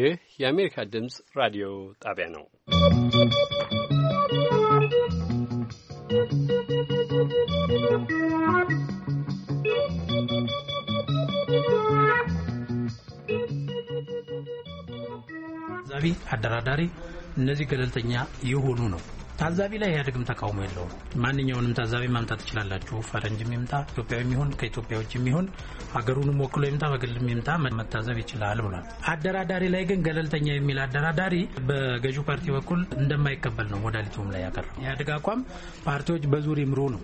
ይህ የአሜሪካ ድምፅ ራዲዮ ጣቢያ ነው። ዛቢ አደራዳሪ እነዚህ ገለልተኛ የሆኑ ነው ታዛቢ ላይ ኢህአዴግም ተቃውሞ የለውም። ማንኛውንም ታዛቢ ማምጣት ትችላላችሁ። ፈረንጅም ይምጣ፣ ኢትዮጵያዊም የሚሆን ከኢትዮጵያ ውጭም ይሁን ሀገሩንም ወክሎ ይምጣ፣ በግልም ይምጣ መታዘብ ይችላል ብሏል። አደራዳሪ ላይ ግን ገለልተኛ የሚል አደራዳሪ በገዢው ፓርቲ በኩል እንደማይቀበል ነው ሞዳሊቲውም ላይ ያቀረበ ኢህአዴግ አቋም ፓርቲዎች በዙር ይምሩ ነው።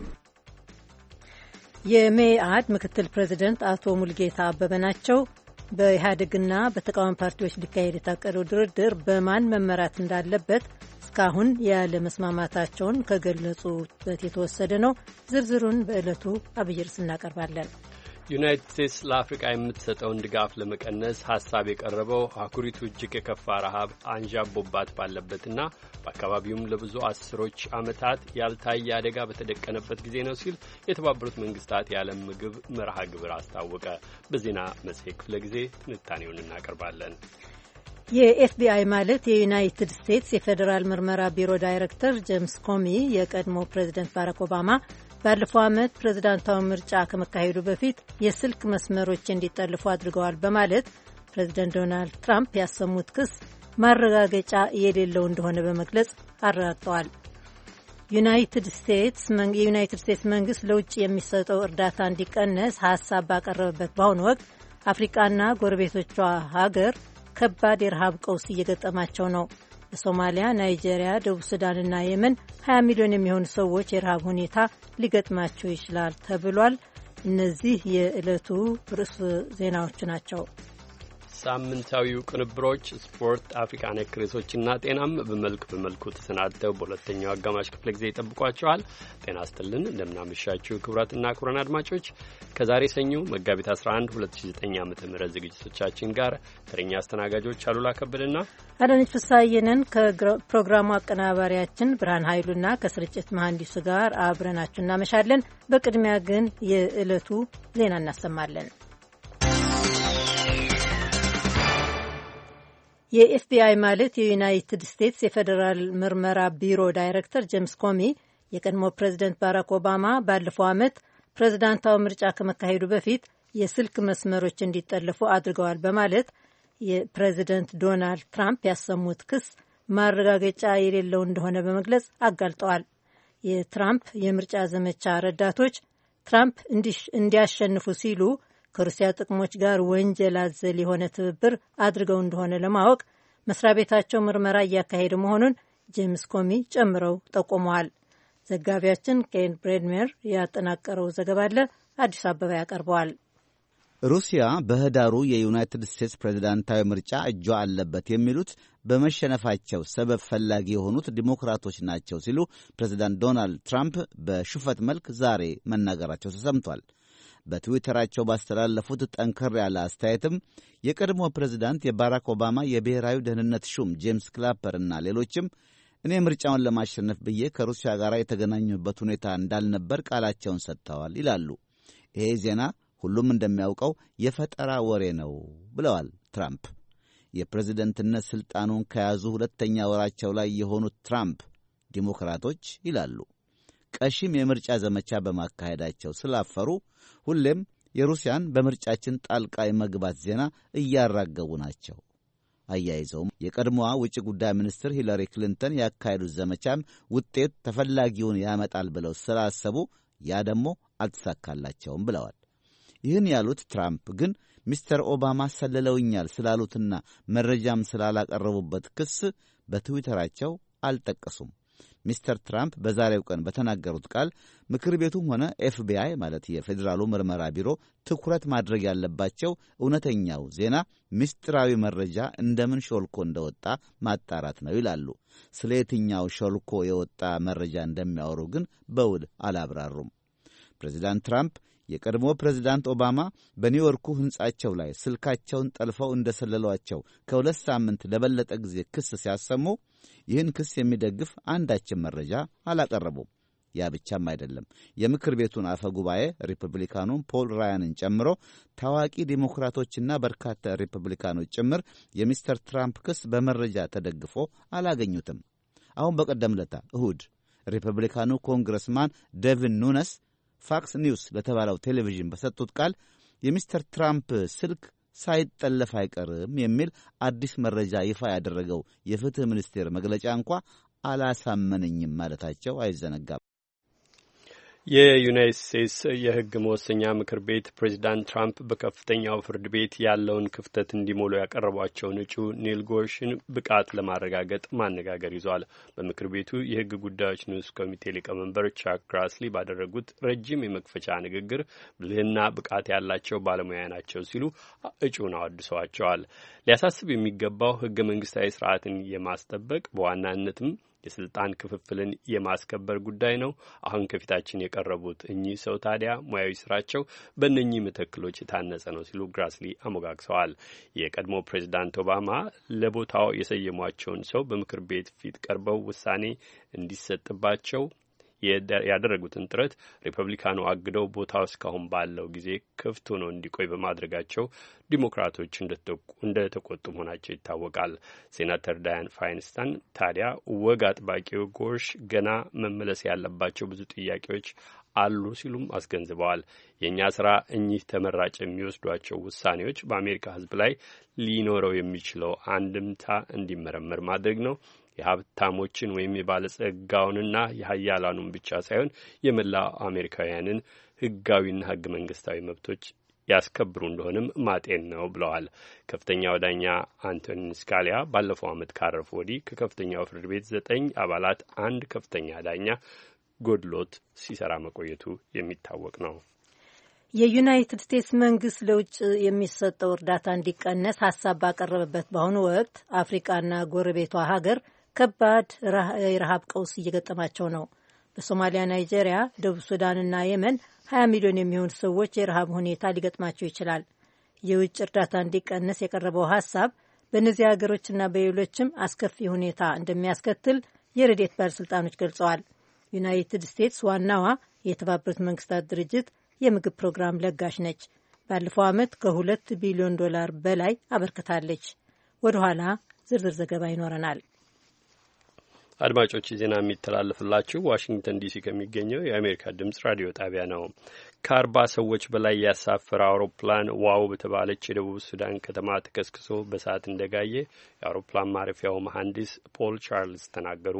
የሜአድ ምክትል ፕሬዚደንት አቶ ሙልጌታ አበበ ናቸው። በኢህአዴግና በተቃዋሚ ፓርቲዎች ሊካሄድ የታቀደው ድርድር በማን መመራት እንዳለበት እስካሁን ያለ መስማማታቸውን ከገለጹበት የተወሰደ ነው። ዝርዝሩን በዕለቱ አብይ ርዕስ እናቀርባለን። ዩናይትድ ስቴትስ ለአፍሪቃ የምትሰጠውን ድጋፍ ለመቀነስ ሀሳብ የቀረበው አህጉሪቱ እጅግ የከፋ ረሃብ አንዣቦባት ባለበትና በአካባቢውም ለብዙ አስሮች ዓመታት ያልታየ አደጋ በተደቀነበት ጊዜ ነው ሲል የተባበሩት መንግስታት የዓለም ምግብ መርሃ ግብር አስታወቀ። በዜና መጽሔት ክፍለ ጊዜ ትንታኔውን እናቀርባለን። የኤፍቢአይ ማለት የዩናይትድ ስቴትስ የፌዴራል ምርመራ ቢሮ ዳይሬክተር ጄምስ ኮሚ የቀድሞ ፕሬዚደንት ባራክ ኦባማ ባለፈው ዓመት ፕሬዝዳንታዊ ምርጫ ከመካሄዱ በፊት የስልክ መስመሮች እንዲጠልፉ አድርገዋል በማለት ፕሬዝደንት ዶናልድ ትራምፕ ያሰሙት ክስ ማረጋገጫ የሌለው እንደሆነ በመግለጽ አረጋግጠዋል። ዩናይትድ ስቴትስ የዩናይትድ ስቴትስ መንግስት ለውጭ የሚሰጠው እርዳታ እንዲቀነስ ሀሳብ ባቀረበበት በአሁኑ ወቅት አፍሪቃና ጎረቤቶቿ ሀገር ከባድ የረሃብ ቀውስ እየገጠማቸው ነው። ሶማሊያ ናይጄሪያ፣ ደቡብ ሱዳንና የመን 20 ሚሊዮን የሚሆኑ ሰዎች የረሃብ ሁኔታ ሊገጥማቸው ይችላል ተብሏል። እነዚህ የዕለቱ ርዕስ ዜናዎች ናቸው። ሳምንታዊው ቅንብሮች ስፖርት፣ አፍሪካ ነክ ርዕሶችና ጤናም በመልክ በመልኩ ተሰናድተው በሁለተኛው አጋማሽ ክፍለ ጊዜ ይጠብቋቸዋል። ጤና ይስጥልን፣ እንደምናመሻችሁ ክቡራትና ክቡራን አድማጮች ከዛሬ ሰኞ መጋቢት 11 2009 ዓ ም ዝግጅቶቻችን ጋር ተረኛ አስተናጋጆች አሉላ ከበደና አዳነች ፍሳየንን ከፕሮግራሙ አቀናባሪያችን ብርሃን ኃይሉና ከስርጭት መሐንዲሱ ጋር አብረናችሁ እናመሻለን። በቅድሚያ ግን የዕለቱ ዜና እናሰማለን። የኤፍቢአይ ማለት የዩናይትድ ስቴትስ የፌዴራል ምርመራ ቢሮ ዳይሬክተር ጄምስ ኮሚ የቀድሞ ፕሬዚደንት ባራክ ኦባማ ባለፈው ዓመት ፕሬዚዳንታዊ ምርጫ ከመካሄዱ በፊት የስልክ መስመሮች እንዲጠለፉ አድርገዋል በማለት የፕሬዚደንት ዶናልድ ትራምፕ ያሰሙት ክስ ማረጋገጫ የሌለው እንደሆነ በመግለጽ አጋልጠዋል። የትራምፕ የምርጫ ዘመቻ ረዳቶች ትራምፕ እንዲያሸንፉ ሲሉ ከሩሲያ ጥቅሞች ጋር ወንጀል አዘል የሆነ ትብብር አድርገው እንደሆነ ለማወቅ መስሪያ ቤታቸው ምርመራ እያካሄደ መሆኑን ጄምስ ኮሚ ጨምረው ጠቁመዋል። ዘጋቢያችን ኬን ብሬድሜር ያጠናቀረው ዘገባ አለ አዲስ አበባ ያቀርበዋል። ሩሲያ በህዳሩ የዩናይትድ ስቴትስ ፕሬዝዳንታዊ ምርጫ እጇ አለበት የሚሉት በመሸነፋቸው ሰበብ ፈላጊ የሆኑት ዲሞክራቶች ናቸው ሲሉ ፕሬዝዳንት ዶናልድ ትራምፕ በሹፈት መልክ ዛሬ መናገራቸው ተሰምቷል። በትዊተራቸው ባስተላለፉት ጠንከር ያለ አስተያየትም የቀድሞ ፕሬዚዳንት የባራክ ኦባማ የብሔራዊ ደህንነት ሹም ጄምስ ክላፐር እና ሌሎችም እኔ ምርጫውን ለማሸነፍ ብዬ ከሩሲያ ጋር የተገናኙበት ሁኔታ እንዳልነበር ቃላቸውን ሰጥተዋል ይላሉ። ይሄ ዜና ሁሉም እንደሚያውቀው የፈጠራ ወሬ ነው ብለዋል ትራምፕ። የፕሬዝደንትነት ሥልጣኑን ከያዙ ሁለተኛ ወራቸው ላይ የሆኑት ትራምፕ ዲሞክራቶች ይላሉ ቀሽም የምርጫ ዘመቻ በማካሄዳቸው ስላፈሩ ሁሌም የሩሲያን በምርጫችን ጣልቃ የመግባት ዜና እያራገቡ ናቸው። አያይዘውም የቀድሞዋ ውጭ ጉዳይ ሚኒስትር ሂለሪ ክሊንተን ያካሄዱት ዘመቻም ውጤት ተፈላጊውን ያመጣል ብለው ስላሰቡ ያ ደግሞ አልተሳካላቸውም ብለዋል። ይህን ያሉት ትራምፕ ግን ሚስተር ኦባማ ሰልለውኛል ስላሉትና መረጃም ስላላቀረቡበት ክስ በትዊተራቸው አልጠቀሱም። ሚስተር ትራምፕ በዛሬው ቀን በተናገሩት ቃል ምክር ቤቱም ሆነ ኤፍቢአይ ማለት የፌዴራሉ ምርመራ ቢሮ ትኩረት ማድረግ ያለባቸው እውነተኛው ዜና ምስጢራዊ መረጃ እንደምን ሾልኮ እንደወጣ ማጣራት ነው ይላሉ። ስለ የትኛው ሾልኮ የወጣ መረጃ እንደሚያወሩ ግን በውል አላብራሩም። ፕሬዚዳንት ትራምፕ የቀድሞ ፕሬዚዳንት ኦባማ በኒውዮርኩ ሕንጻቸው ላይ ስልካቸውን ጠልፈው እንደሰለሏቸው ከሁለት ሳምንት ለበለጠ ጊዜ ክስ ሲያሰሙ ይህን ክስ የሚደግፍ አንዳችን መረጃ አላቀረቡም። ያ ብቻም አይደለም። የምክር ቤቱን አፈ ጉባኤ ሪፐብሊካኑን ፖል ራያንን ጨምሮ ታዋቂ ዴሞክራቶችና በርካታ ሪፐብሊካኖች ጭምር የሚስተር ትራምፕ ክስ በመረጃ ተደግፎ አላገኙትም። አሁን በቀደም ለታ እሁድ ሪፐብሊካኑ ኮንግረስማን ደቪን ኑነስ ፋክስ ኒውስ ለተባለው ቴሌቪዥን በሰጡት ቃል የሚስተር ትራምፕ ስልክ ሳይጠለፍ አይቀርም የሚል አዲስ መረጃ ይፋ ያደረገው የፍትሕ ሚኒስቴር መግለጫ እንኳ አላሳመነኝም ማለታቸው አይዘነጋም። የዩናይት ስቴትስ የሕግ መወሰኛ ምክር ቤት ፕሬዚዳንት ትራምፕ በከፍተኛው ፍርድ ቤት ያለውን ክፍተት እንዲሞሉ ያቀረቧቸውን እጩ ኒል ጎሽን ብቃት ለማረጋገጥ ማነጋገር ይዟል። በምክር ቤቱ የሕግ ጉዳዮች ንዑስ ኮሚቴ ሊቀመንበር ቻክ ግራስሊ ባደረጉት ረጅም የመክፈቻ ንግግር ብልህና ብቃት ያላቸው ባለሙያ ናቸው ሲሉ እጩን አወድሰዋቸዋል። ሊያሳስብ የሚገባው ሕገ መንግስታዊ ስርዓትን የማስጠበቅ በዋናነትም የስልጣን ክፍፍልን የማስከበር ጉዳይ ነው። አሁን ከፊታችን የቀረቡት እኚህ ሰው ታዲያ ሙያዊ ስራቸው በእነኚህ ምትክሎች የታነጸ ነው ሲሉ ግራስሊ አሞጋግሰዋል። የቀድሞ ፕሬዚዳንት ኦባማ ለቦታው የሰየሟቸውን ሰው በምክር ቤት ፊት ቀርበው ውሳኔ እንዲሰጥባቸው ያደረጉትን ጥረት ሪፐብሊካኑ አግደው ቦታው እስካሁን ባለው ጊዜ ክፍት ሆኖ እንዲቆይ በማድረጋቸው ዲሞክራቶች እንደተቆጡ መሆናቸው ይታወቃል። ሴናተር ዳያን ፋይንስታን ታዲያ ወግ አጥባቂው ጎሽ ገና መመለስ ያለባቸው ብዙ ጥያቄዎች አሉ ሲሉም አስገንዝበዋል። የእኛ ስራ እኚህ ተመራጭ የሚወስዷቸው ውሳኔዎች በአሜሪካ ሕዝብ ላይ ሊኖረው የሚችለው አንድምታ እንዲመረመር ማድረግ ነው። የሀብታሞችን ወይም የባለጸጋውንና የሀያላኑን ብቻ ሳይሆን የመላ አሜሪካውያንን ህጋዊና ህገ መንግስታዊ መብቶች ያስከብሩ እንደሆንም ማጤን ነው ብለዋል። ከፍተኛው ዳኛ አንቶኒን ስካሊያ ባለፈው ዓመት ካረፉ ወዲህ ከከፍተኛው ፍርድ ቤት ዘጠኝ አባላት አንድ ከፍተኛ ዳኛ ጎድሎት ሲሰራ መቆየቱ የሚታወቅ ነው። የዩናይትድ ስቴትስ መንግስት ለውጭ የሚሰጠው እርዳታ እንዲቀነስ ሀሳብ ባቀረበበት በአሁኑ ወቅት አፍሪቃና ጎረቤቷ ሀገር ከባድ የረሃብ ቀውስ እየገጠማቸው ነው። በሶማሊያ፣ ናይጄሪያ፣ ደቡብ ሱዳንና የመን 20 ሚሊዮን የሚሆኑ ሰዎች የረሃብ ሁኔታ ሊገጥማቸው ይችላል። የውጭ እርዳታ እንዲቀነስ የቀረበው ሀሳብ በእነዚህ ሀገሮችና በሌሎችም አስከፊ ሁኔታ እንደሚያስከትል የረዴት ባለሥልጣኖች ገልጸዋል። ዩናይትድ ስቴትስ ዋናዋ የተባበሩት መንግስታት ድርጅት የምግብ ፕሮግራም ለጋሽ ነች። ባለፈው ዓመት ከሁለት ቢሊዮን ዶላር በላይ አበርክታለች። ወደ ኋላ ዝርዝር ዘገባ ይኖረናል። አድማጮች ዜና የሚተላለፍላችሁ ዋሽንግተን ዲሲ ከሚገኘው የአሜሪካ ድምጽ ራዲዮ ጣቢያ ነው። ከአርባ ሰዎች በላይ ያሳፈረ አውሮፕላን ዋው በተባለች የደቡብ ሱዳን ከተማ ተከስክሶ በሰዓት እንደጋየ የአውሮፕላን ማረፊያው መሐንዲስ ፖል ቻርልስ ተናገሩ።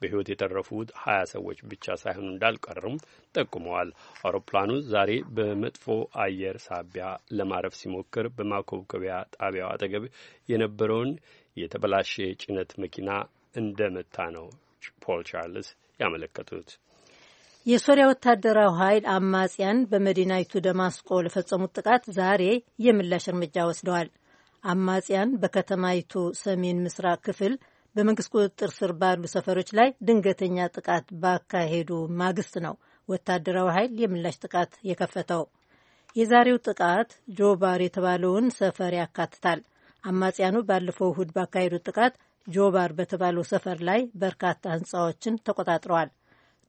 በሕይወት የተረፉት ሀያ ሰዎች ብቻ ሳይሆኑ እንዳልቀርም ጠቁመዋል። አውሮፕላኑ ዛሬ በመጥፎ አየር ሳቢያ ለማረፍ ሲሞክር በማኮብኮቢያ ጣቢያው አጠገብ የነበረውን የተበላሸ ጭነት መኪና እንደመታ ነው ፖል ቻርልስ ያመለከቱት። የሶሪያ ወታደራዊ ኃይል አማጽያን በመዲናይቱ ደማስቆ ለፈጸሙት ጥቃት ዛሬ የምላሽ እርምጃ ወስደዋል። አማጽያን በከተማይቱ ሰሜን ምስራቅ ክፍል በመንግስት ቁጥጥር ስር ባሉ ሰፈሮች ላይ ድንገተኛ ጥቃት ባካሄዱ ማግስት ነው ወታደራዊ ኃይል የምላሽ ጥቃት የከፈተው። የዛሬው ጥቃት ጆባር የተባለውን ሰፈር ያካትታል። አማጽያኑ ባለፈው እሁድ ባካሄዱት ጥቃት ጆባር በተባለው ሰፈር ላይ በርካታ ህንፃዎችን ተቆጣጥረዋል።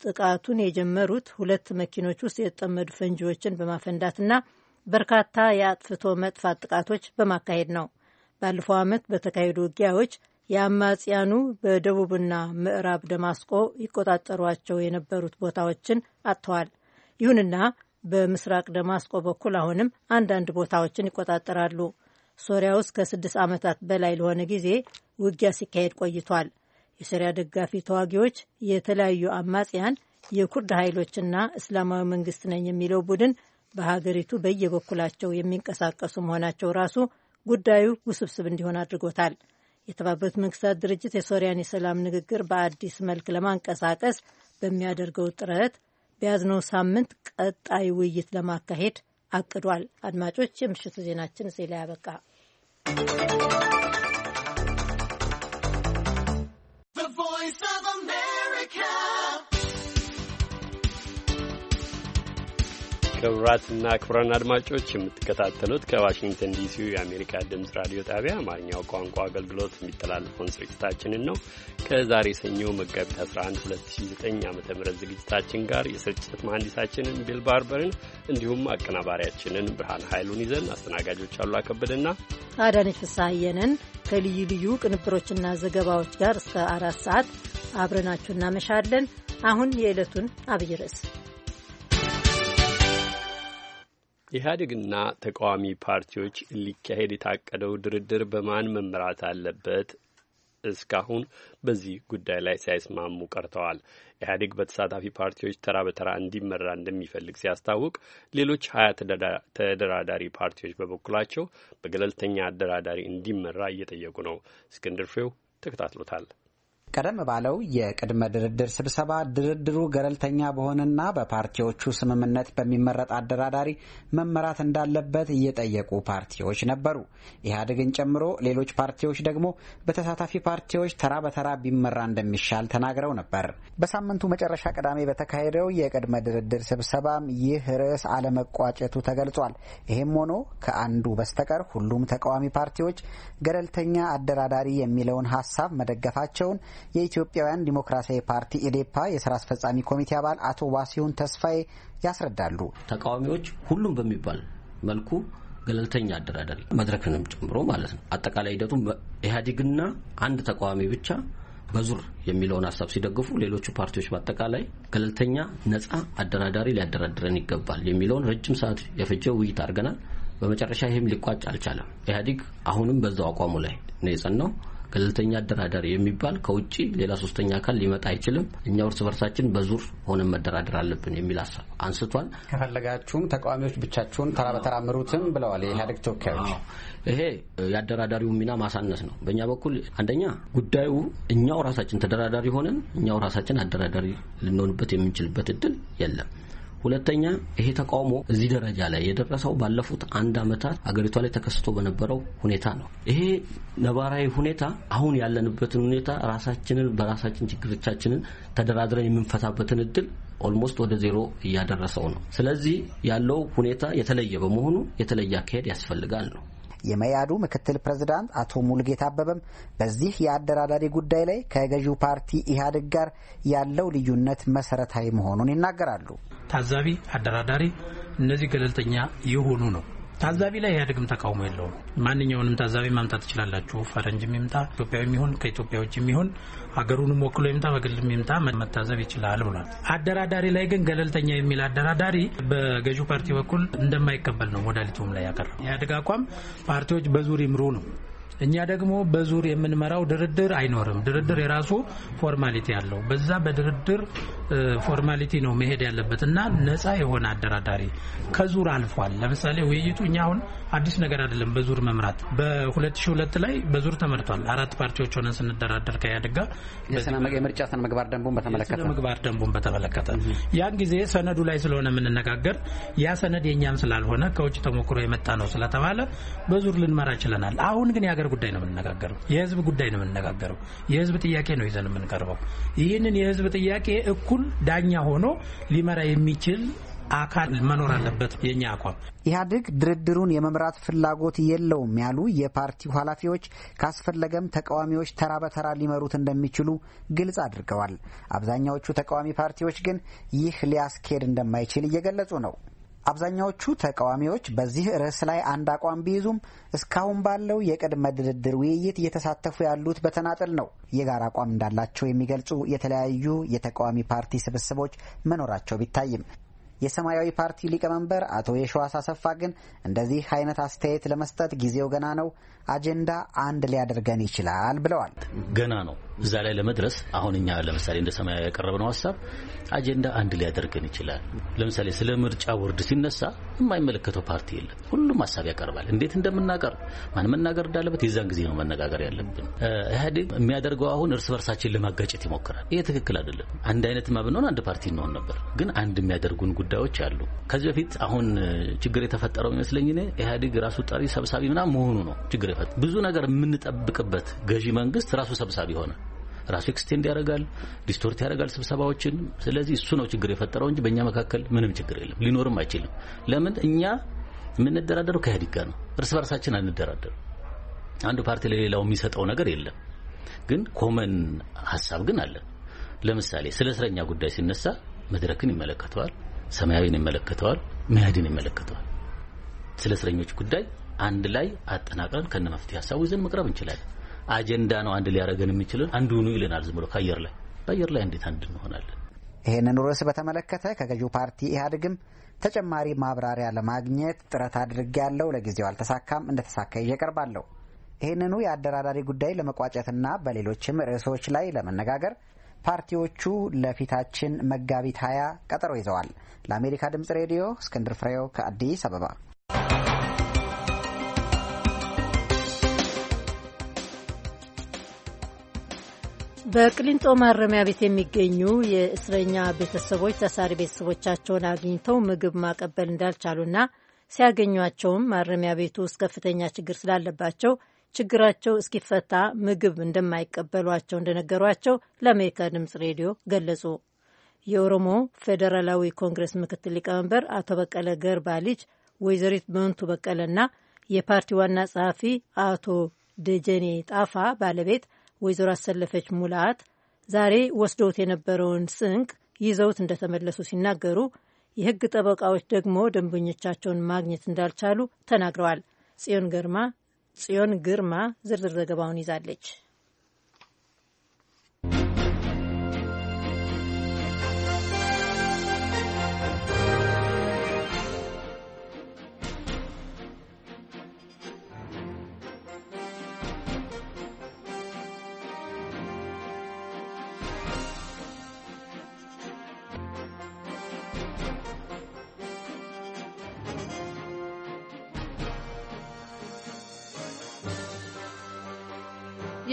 ጥቃቱን የጀመሩት ሁለት መኪኖች ውስጥ የተጠመዱ ፈንጂዎችን በማፈንዳትና በርካታ የአጥፍቶ መጥፋት ጥቃቶች በማካሄድ ነው። ባለፈው ዓመት በተካሄዱ ውጊያዎች የአማጽያኑ በደቡብና ምዕራብ ደማስቆ ይቆጣጠሯቸው የነበሩት ቦታዎችን አጥተዋል። ይሁንና በምስራቅ ደማስቆ በኩል አሁንም አንዳንድ ቦታዎችን ይቆጣጠራሉ። ሶሪያ ውስጥ ከስድስት ዓመታት በላይ ለሆነ ጊዜ ውጊያ ሲካሄድ ቆይቷል። የሶሪያ ደጋፊ ተዋጊዎች የተለያዩ አማጽያን፣ የኩርድ ኃይሎችና እስላማዊ መንግስት ነኝ የሚለው ቡድን በሀገሪቱ በየበኩላቸው የሚንቀሳቀሱ መሆናቸው ራሱ ጉዳዩ ውስብስብ እንዲሆን አድርጎታል። የተባበሩት መንግስታት ድርጅት የሶሪያን የሰላም ንግግር በአዲስ መልክ ለማንቀሳቀስ በሚያደርገው ጥረት በያዝነው ሳምንት ቀጣይ ውይይት ለማካሄድ አቅዷል። አድማጮች፣ የምሽቱ ዜናችን እዚህ ላይ ያበቃ። ክቡራትና ክቡራን አድማጮች የምትከታተሉት ከዋሽንግተን ዲሲ የአሜሪካ ድምፅ ራዲዮ ጣቢያ አማርኛው ቋንቋ አገልግሎት የሚተላለፈውን ስርጭታችንን ነው። ከዛሬ ሰኞ መጋቢት 11 2009 ዓ ም ዝግጅታችን ጋር የስርጭት መሐንዲሳችንን ቢል ባርበርን እንዲሁም አቀናባሪያችንን ብርሃን ኃይሉን ይዘን አስተናጋጆች አሉ አከበደና አዳነች ፍስሐየንን ከልዩ ልዩ ቅንብሮችና ዘገባዎች ጋር እስከ አራት ሰዓት አብረናችሁ እናመሻለን። አሁን የዕለቱን አብይ ርዕስ ኢህአዴግና ተቃዋሚ ፓርቲዎች ሊካሄድ የታቀደው ድርድር በማን መምራት አለበት እስካሁን በዚህ ጉዳይ ላይ ሳይስማሙ ቀርተዋል። ኢህአዴግ በተሳታፊ ፓርቲዎች ተራ በተራ እንዲመራ እንደሚፈልግ ሲያስታውቅ፣ ሌሎች ሀያ ተደራዳሪ ፓርቲዎች በበኩላቸው በገለልተኛ አደራዳሪ እንዲመራ እየጠየቁ ነው። እስክንድር ፍሬው ተከታትሎታል። ቀደም ባለው የቅድመ ድርድር ስብሰባ ድርድሩ ገለልተኛ በሆነና በፓርቲዎቹ ስምምነት በሚመረጥ አደራዳሪ መመራት እንዳለበት እየጠየቁ ፓርቲዎች ነበሩ። ኢህአዴግን ጨምሮ ሌሎች ፓርቲዎች ደግሞ በተሳታፊ ፓርቲዎች ተራ በተራ ቢመራ እንደሚሻል ተናግረው ነበር። በሳምንቱ መጨረሻ ቅዳሜ በተካሄደው የቅድመ ድርድር ስብሰባም ይህ ርዕስ አለመቋጨቱ ተገልጿል። ይህም ሆኖ ከአንዱ በስተቀር ሁሉም ተቃዋሚ ፓርቲዎች ገለልተኛ አደራዳሪ የሚለውን ሀሳብ መደገፋቸውን የኢትዮጵያውያን ዲሞክራሲያዊ ፓርቲ ኢዴፓ የስራ አስፈጻሚ ኮሚቴ አባል አቶ ዋሲሁን ተስፋዬ ያስረዳሉ። ተቃዋሚዎች ሁሉም በሚባል መልኩ ገለልተኛ አደራዳሪ መድረክንም ጨምሮ ማለት ነው። አጠቃላይ ሂደቱ ኢህአዴግና አንድ ተቃዋሚ ብቻ በዙር የሚለውን ሀሳብ ሲደግፉ ሌሎቹ ፓርቲዎች በአጠቃላይ ገለልተኛ ነፃ አደራዳሪ ሊያደራድረን ይገባል የሚለውን ረጅም ሰዓት የፈጀ ውይይት አድርገናል። በመጨረሻ ይህም ሊቋጭ አልቻለም። ኢህአዴግ አሁንም በዛው አቋሙ ላይ ነው የጸናው። ገለልተኛ አደራዳሪ የሚባል ከውጭ ሌላ ሶስተኛ አካል ሊመጣ አይችልም፣ እኛ እርስ በርሳችን በዙር ሆነን መደራደር አለብን የሚል ሀሳብ አንስቷል። ከፈለጋችሁም ተቃዋሚዎች ብቻችሁን ተራ በተራ ምሩትም ብለዋል የኢህአዴግ ተወካዮች። ይሄ የአደራዳሪው ሚና ማሳነስ ነው። በእኛ በኩል አንደኛ ጉዳዩ እኛው ራሳችን ተደራዳሪ ሆነን እኛው ራሳችን አደራዳሪ ልንሆንበት የምንችልበት እድል የለም። ሁለተኛ ይሄ ተቃውሞ እዚህ ደረጃ ላይ የደረሰው ባለፉት አንድ ዓመታት አገሪቷ ላይ ተከስቶ በነበረው ሁኔታ ነው። ይሄ ነባራዊ ሁኔታ አሁን ያለንበትን ሁኔታ ራሳችንን በራሳችን ችግሮቻችንን ተደራድረን የምንፈታበትን እድል ኦልሞስት ወደ ዜሮ እያደረሰው ነው። ስለዚህ ያለው ሁኔታ የተለየ በመሆኑ የተለየ አካሄድ ያስፈልጋል ነው። የመያዱ ምክትል ፕሬዝዳንት አቶ ሙልጌታ አበበም በዚህ የአደራዳሪ ጉዳይ ላይ ከገዢው ፓርቲ ኢህአዴግ ጋር ያለው ልዩነት መሰረታዊ መሆኑን ይናገራሉ። ታዛቢ፣ አደራዳሪ እነዚህ ገለልተኛ የሆኑ ነው። ታዛቢ ላይ ኢህአዴግም ተቃውሞ የለውም። ማንኛውንም ታዛቢ ማምጣት ትችላላችሁ። ፈረንጅ የሚምጣ ኢትዮጵያዊ የሚሆን ከኢትዮጵያ ውጭ የሚሆን ሀገሩንም ወክሎ ይምጣ በግልም ይምጣ መታዘብ ይችላል ብሏል። አደራዳሪ ላይ ግን ገለልተኛ የሚል አደራዳሪ በገዢው ፓርቲ በኩል እንደማይቀበል ነው ሞዳሊቲውም ላይ ያቀረበ ኢህአዴግ አቋም ፓርቲዎች በዙር ይምሩ ነው። እኛ ደግሞ በዙር የምንመራው ድርድር አይኖርም። ድርድር የራሱ ፎርማሊቲ አለው በዛ በድርድር ፎርማሊቲ ነው መሄድ ያለበት እና ነፃ የሆነ አደራዳሪ ከዙር አልፏል። ለምሳሌ ውይይቱ እኛ አሁን አዲስ ነገር አይደለም። በዙር መምራት በ2002 ላይ በዙር ተመርቷል። አራት ፓርቲዎች ሆነን ስንደራደር ከያድጋ የምርጫ ስነ ምግባር ደንቡን በተመለከተ ምግባር ደንቡን በተመለከተ ያን ጊዜ ሰነዱ ላይ ስለሆነ የምንነጋገር ያ ሰነድ የእኛም ስላልሆነ ከውጭ ተሞክሮ የመጣ ነው ስለተባለ በዙር ልንመራ ችለናል። አሁን ግን የሀገር ጉዳይ ነው የምንነጋገረው፣ የህዝብ ጉዳይ ነው የምንነጋገረው። የህዝብ ጥያቄ ነው ይዘን የምንቀርበው። ይህንን የህዝብ ጥያቄ እኩል ዳኛ ሆኖ ሊመራ የሚችል አካል መኖር አለበት። የኛ አቋም ኢህአዴግ ድርድሩን የመምራት ፍላጎት የለውም ያሉ የፓርቲው ኃላፊዎች ካስፈለገም ተቃዋሚዎች ተራ በተራ ሊመሩት እንደሚችሉ ግልጽ አድርገዋል። አብዛኛዎቹ ተቃዋሚ ፓርቲዎች ግን ይህ ሊያስኬድ እንደማይችል እየገለጹ ነው። አብዛኛዎቹ ተቃዋሚዎች በዚህ ርዕስ ላይ አንድ አቋም ቢይዙም እስካሁን ባለው የቅድመ ድርድር ውይይት እየተሳተፉ ያሉት በተናጠል ነው። የጋራ አቋም እንዳላቸው የሚገልጹ የተለያዩ የተቃዋሚ ፓርቲ ስብስቦች መኖራቸው ቢታይም የሰማያዊ ፓርቲ ሊቀመንበር አቶ የሸዋስ አሰፋ ግን እንደዚህ አይነት አስተያየት ለመስጠት ጊዜው ገና ነው፣ አጀንዳ አንድ ሊያደርገን ይችላል ብለዋል። ገና ነው እዛ ላይ ለመድረስ አሁን እኛ ለምሳሌ እንደ ሰማያዊ ያቀረብነው ሀሳብ አጀንዳ አንድ ሊያደርገን ይችላል። ለምሳሌ ስለ ምርጫ ቦርድ ሲነሳ የማይመለከተው ፓርቲ የለም። ሁሉም ሀሳብ ያቀርባል። እንዴት እንደምናቀርብ ማን መናገር እንዳለበት የዛን ጊዜ ነው መነጋገር ያለብን። ኢህአዴግ የሚያደርገው አሁን እርስ በርሳችን ለማጋጨት ይሞክራል። ይሄ ትክክል አይደለም። አንድ አይነት ብንሆን አንድ ፓርቲ እንሆን ነበር። ግን አንድ የሚያደርጉን ጉዳዮች አሉ። ከዚህ በፊት አሁን ችግር የተፈጠረው ይመስለኝ ኢህአዴግ ራሱ ጠሪ ሰብሳቢ ምናምን መሆኑ ነው ችግር ብዙ ነገር የምንጠብቅበት ገዢ መንግስት ራሱ ሰብሳቢ ሆነ። ራሱ ኤክስቴንድ ያደርጋል፣ ዲስቶርት ያደርጋል ስብሰባዎችን። ስለዚህ እሱ ነው ችግር የፈጠረው እንጂ በእኛ መካከል ምንም ችግር የለም፣ ሊኖርም አይችልም። ለምን እኛ የምንደራደረው ከኢህአዴግ ጋር ነው። እርስ በርሳችን አንደራደርም። አንዱ ፓርቲ ለሌላው የሚሰጠው ነገር የለም። ግን ኮመን ሀሳብ ግን አለ። ለምሳሌ ስለ እስረኛ ጉዳይ ሲነሳ መድረክን ይመለከተዋል፣ ሰማያዊን ይመለከተዋል፣ መያድን ይመለከተዋል። ስለ እስረኞች ጉዳይ አንድ ላይ አጠናቅረን ከነ መፍትሄ ሀሳቡ ይዘን መቅረብ እንችላለን። አጀንዳ ነው አንድ ሊያደረገን የሚችልን አንዱ ኑ ይለናል። ዝም ብሎ ከአየር ላይ በአየር ላይ እንዴት አንድ እንሆናለን? ይህንን ርዕስ በተመለከተ ከገዢው ፓርቲ ኢህአዴግም ተጨማሪ ማብራሪያ ለማግኘት ጥረት አድርጌ ያለው ለጊዜው አልተሳካም። እንደተሳካ ይዤ እቀርባለሁ። ይህንኑ የአደራዳሪ ጉዳይ ለመቋጨትና በሌሎችም ርዕሶች ላይ ለመነጋገር ፓርቲዎቹ ለፊታችን መጋቢት ሀያ ቀጠሮ ይዘዋል። ለአሜሪካ ድምጽ ሬዲዮ እስክንድር ፍሬው ከአዲስ አበባ በቅሊንጦ ማረሚያ ቤት የሚገኙ የእስረኛ ቤተሰቦች ታሳሪ ቤተሰቦቻቸውን አግኝተው ምግብ ማቀበል እንዳልቻሉና ሲያገኟቸውም ማረሚያ ቤቱ ውስጥ ከፍተኛ ችግር ስላለባቸው ችግራቸው እስኪፈታ ምግብ እንደማይቀበሏቸው እንደነገሯቸው ለአሜሪካ ድምፅ ሬዲዮ ገለጹ። የኦሮሞ ፌዴራላዊ ኮንግረስ ምክትል ሊቀመንበር አቶ በቀለ ገርባ ልጅ ወይዘሪት በንቱ በቀለና የፓርቲ ዋና ጸሐፊ አቶ ደጀኔ ጣፋ ባለቤት ወይዘሮ አሰለፈች ሙላት ዛሬ ወስደውት የነበረውን ስንቅ ይዘውት እንደተመለሱ ሲናገሩ የህግ ጠበቃዎች ደግሞ ደንበኞቻቸውን ማግኘት እንዳልቻሉ ተናግረዋል። ጽዮን ግርማ ጽዮን ግርማ ዝርዝር ዘገባውን ይዛለች።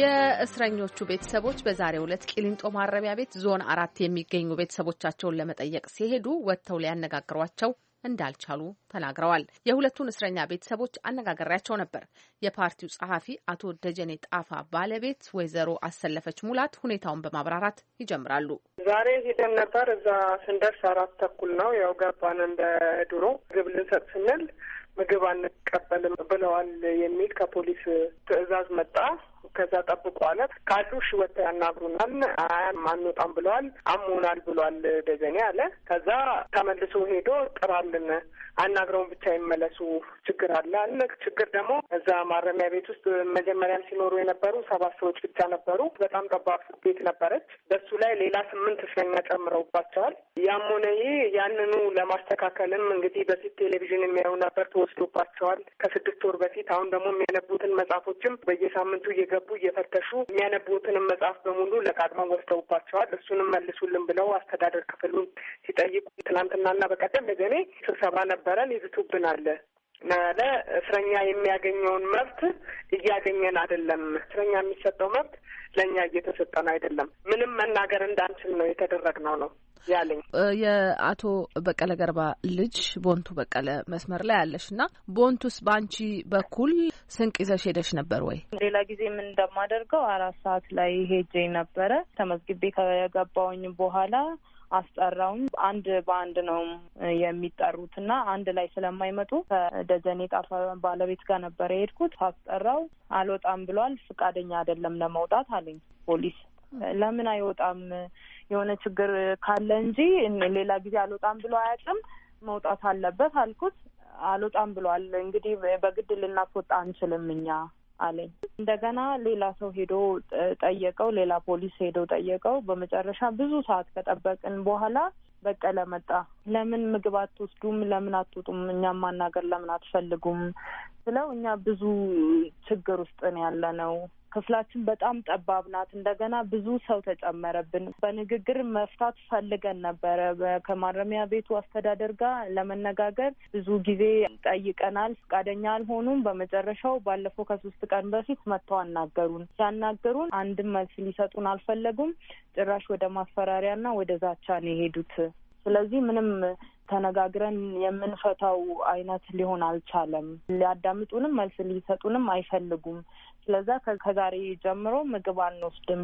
የእስረኞቹ ቤተሰቦች በዛሬ ሁለት ቂሊንጦ ማረሚያ ቤት ዞን አራት የሚገኙ ቤተሰቦቻቸውን ለመጠየቅ ሲሄዱ ወጥተው ሊያነጋግሯቸው እንዳልቻሉ ተናግረዋል። የሁለቱን እስረኛ ቤተሰቦች አነጋገሪያቸው ነበር። የፓርቲው ጸሐፊ አቶ ደጀኔ ጣፋ ባለቤት ወይዘሮ አሰለፈች ሙላት ሁኔታውን በማብራራት ይጀምራሉ። ዛሬ ሄደን ነበር። እዛ ስንደርስ አራት ተኩል ነው። ያው ገባን እንደ ድሮ ምግብ ልንሰጥ ስንል ምግብ አንቀበልም ብለዋል የሚል ከፖሊስ ትዕዛዝ መጣ። ከዛ ጠብቆ አለ ካሉ ሽ ወጥተህ ያናግሩናል። አያን አንወጣም ብለዋል፣ አሞናል ብሏል ደጀኔ አለ። ከዛ ተመልሶ ሄዶ ጥራልን አናግረውን ብቻ ይመለሱ ችግር አለ አለ። ችግር ደግሞ እዛ ማረሚያ ቤት ውስጥ መጀመሪያም ሲኖሩ የነበሩ ሰባት ሰዎች ብቻ ነበሩ። በጣም ጠባብ ቤት ነበረች። በሱ ላይ ሌላ ስምንት እስረኛ ጨምረውባቸዋል። ያም ሆነ ይህ ያንኑ ለማስተካከልም እንግዲህ በፊት ቴሌቪዥን የሚያዩ ነበር ተወስዶባቸዋል ከስድስት ወር በፊት። አሁን ደግሞ የሚያነቡትን መጽሐፎችም በየሳምንቱ እየገ እየገቡ እየፈተሹ የሚያነቡትንም መጽሐፍ በሙሉ ለቃጥመው ወስደውባቸዋል። እሱንም መልሱልን ብለው አስተዳደር ክፍሉን ሲጠይቁ ትናንትናና በቀደም ለገኔ ስብሰባ ነበረን ይዝቱብን አለ እስረኛ የሚያገኘውን መብት እያገኘን አይደለም። እስረኛ የሚሰጠው መብት ለእኛ እየተሰጠን አይደለም። ምንም መናገር እንዳንችል ነው የተደረግነው ነው ያለኝ። የአቶ በቀለ ገርባ ልጅ ቦንቱ በቀለ መስመር ላይ አለሽ እና ቦንቱስ በአንቺ በኩል ስንቅ ይዘሽ ሄደሽ ነበር ወይ? ሌላ ጊዜ ምን እንደማደርገው አራት ሰዓት ላይ ሄጄ ነበረ ተመዝግቤ ከገባውኝ በኋላ አስጠራውኝ። አንድ በአንድ ነው የሚጠሩት እና አንድ ላይ ስለማይመጡ ከደጀኔ ጣፋ ባለቤት ጋር ነበር የሄድኩት። አስጠራው አልወጣም ብሏል፣ ፍቃደኛ አይደለም ለመውጣት አለኝ ፖሊስ። ለምን አይወጣም? የሆነ ችግር ካለ እንጂ ሌላ ጊዜ አልወጣም ብሎ አያውቅም፣ መውጣት አለበት አልኩት። አልወጣም ብሏል። እንግዲህ በግድ ልናስወጣ አንችልም እኛ አለኝ። እንደገና ሌላ ሰው ሄዶ ጠየቀው፣ ሌላ ፖሊስ ሄዶ ጠየቀው። በመጨረሻ ብዙ ሰዓት ከጠበቅን በኋላ በቀለ መጣ። ለምን ምግብ አትወስዱም? ለምን አትወጡም? እኛም ማናገር ለምን አትፈልጉም? ስለው እኛ ብዙ ችግር ውስጥ ነው ያለ ነው ክፍላችን በጣም ጠባብ ናት። እንደገና ብዙ ሰው ተጨመረብን። በንግግር መፍታት ፈልገን ነበረ ከማረሚያ ቤቱ አስተዳደር ጋር ለመነጋገር ብዙ ጊዜ ጠይቀናል። ፈቃደኛ አልሆኑም። በመጨረሻው ባለፈው ከሶስት ቀን በፊት መጥተው አናገሩን። ሲያናገሩን አንድም መልስ ሊሰጡን አልፈለጉም። ጭራሽ ወደ ማስፈራሪያና ወደ ዛቻ ነው የሄዱት። ስለዚህ ምንም ተነጋግረን የምንፈታው አይነት ሊሆን አልቻለም። ሊያዳምጡንም መልስ ሊሰጡንም አይፈልጉም። ስለዛ ከዛሬ ጀምሮ ምግብ አንወስድም፣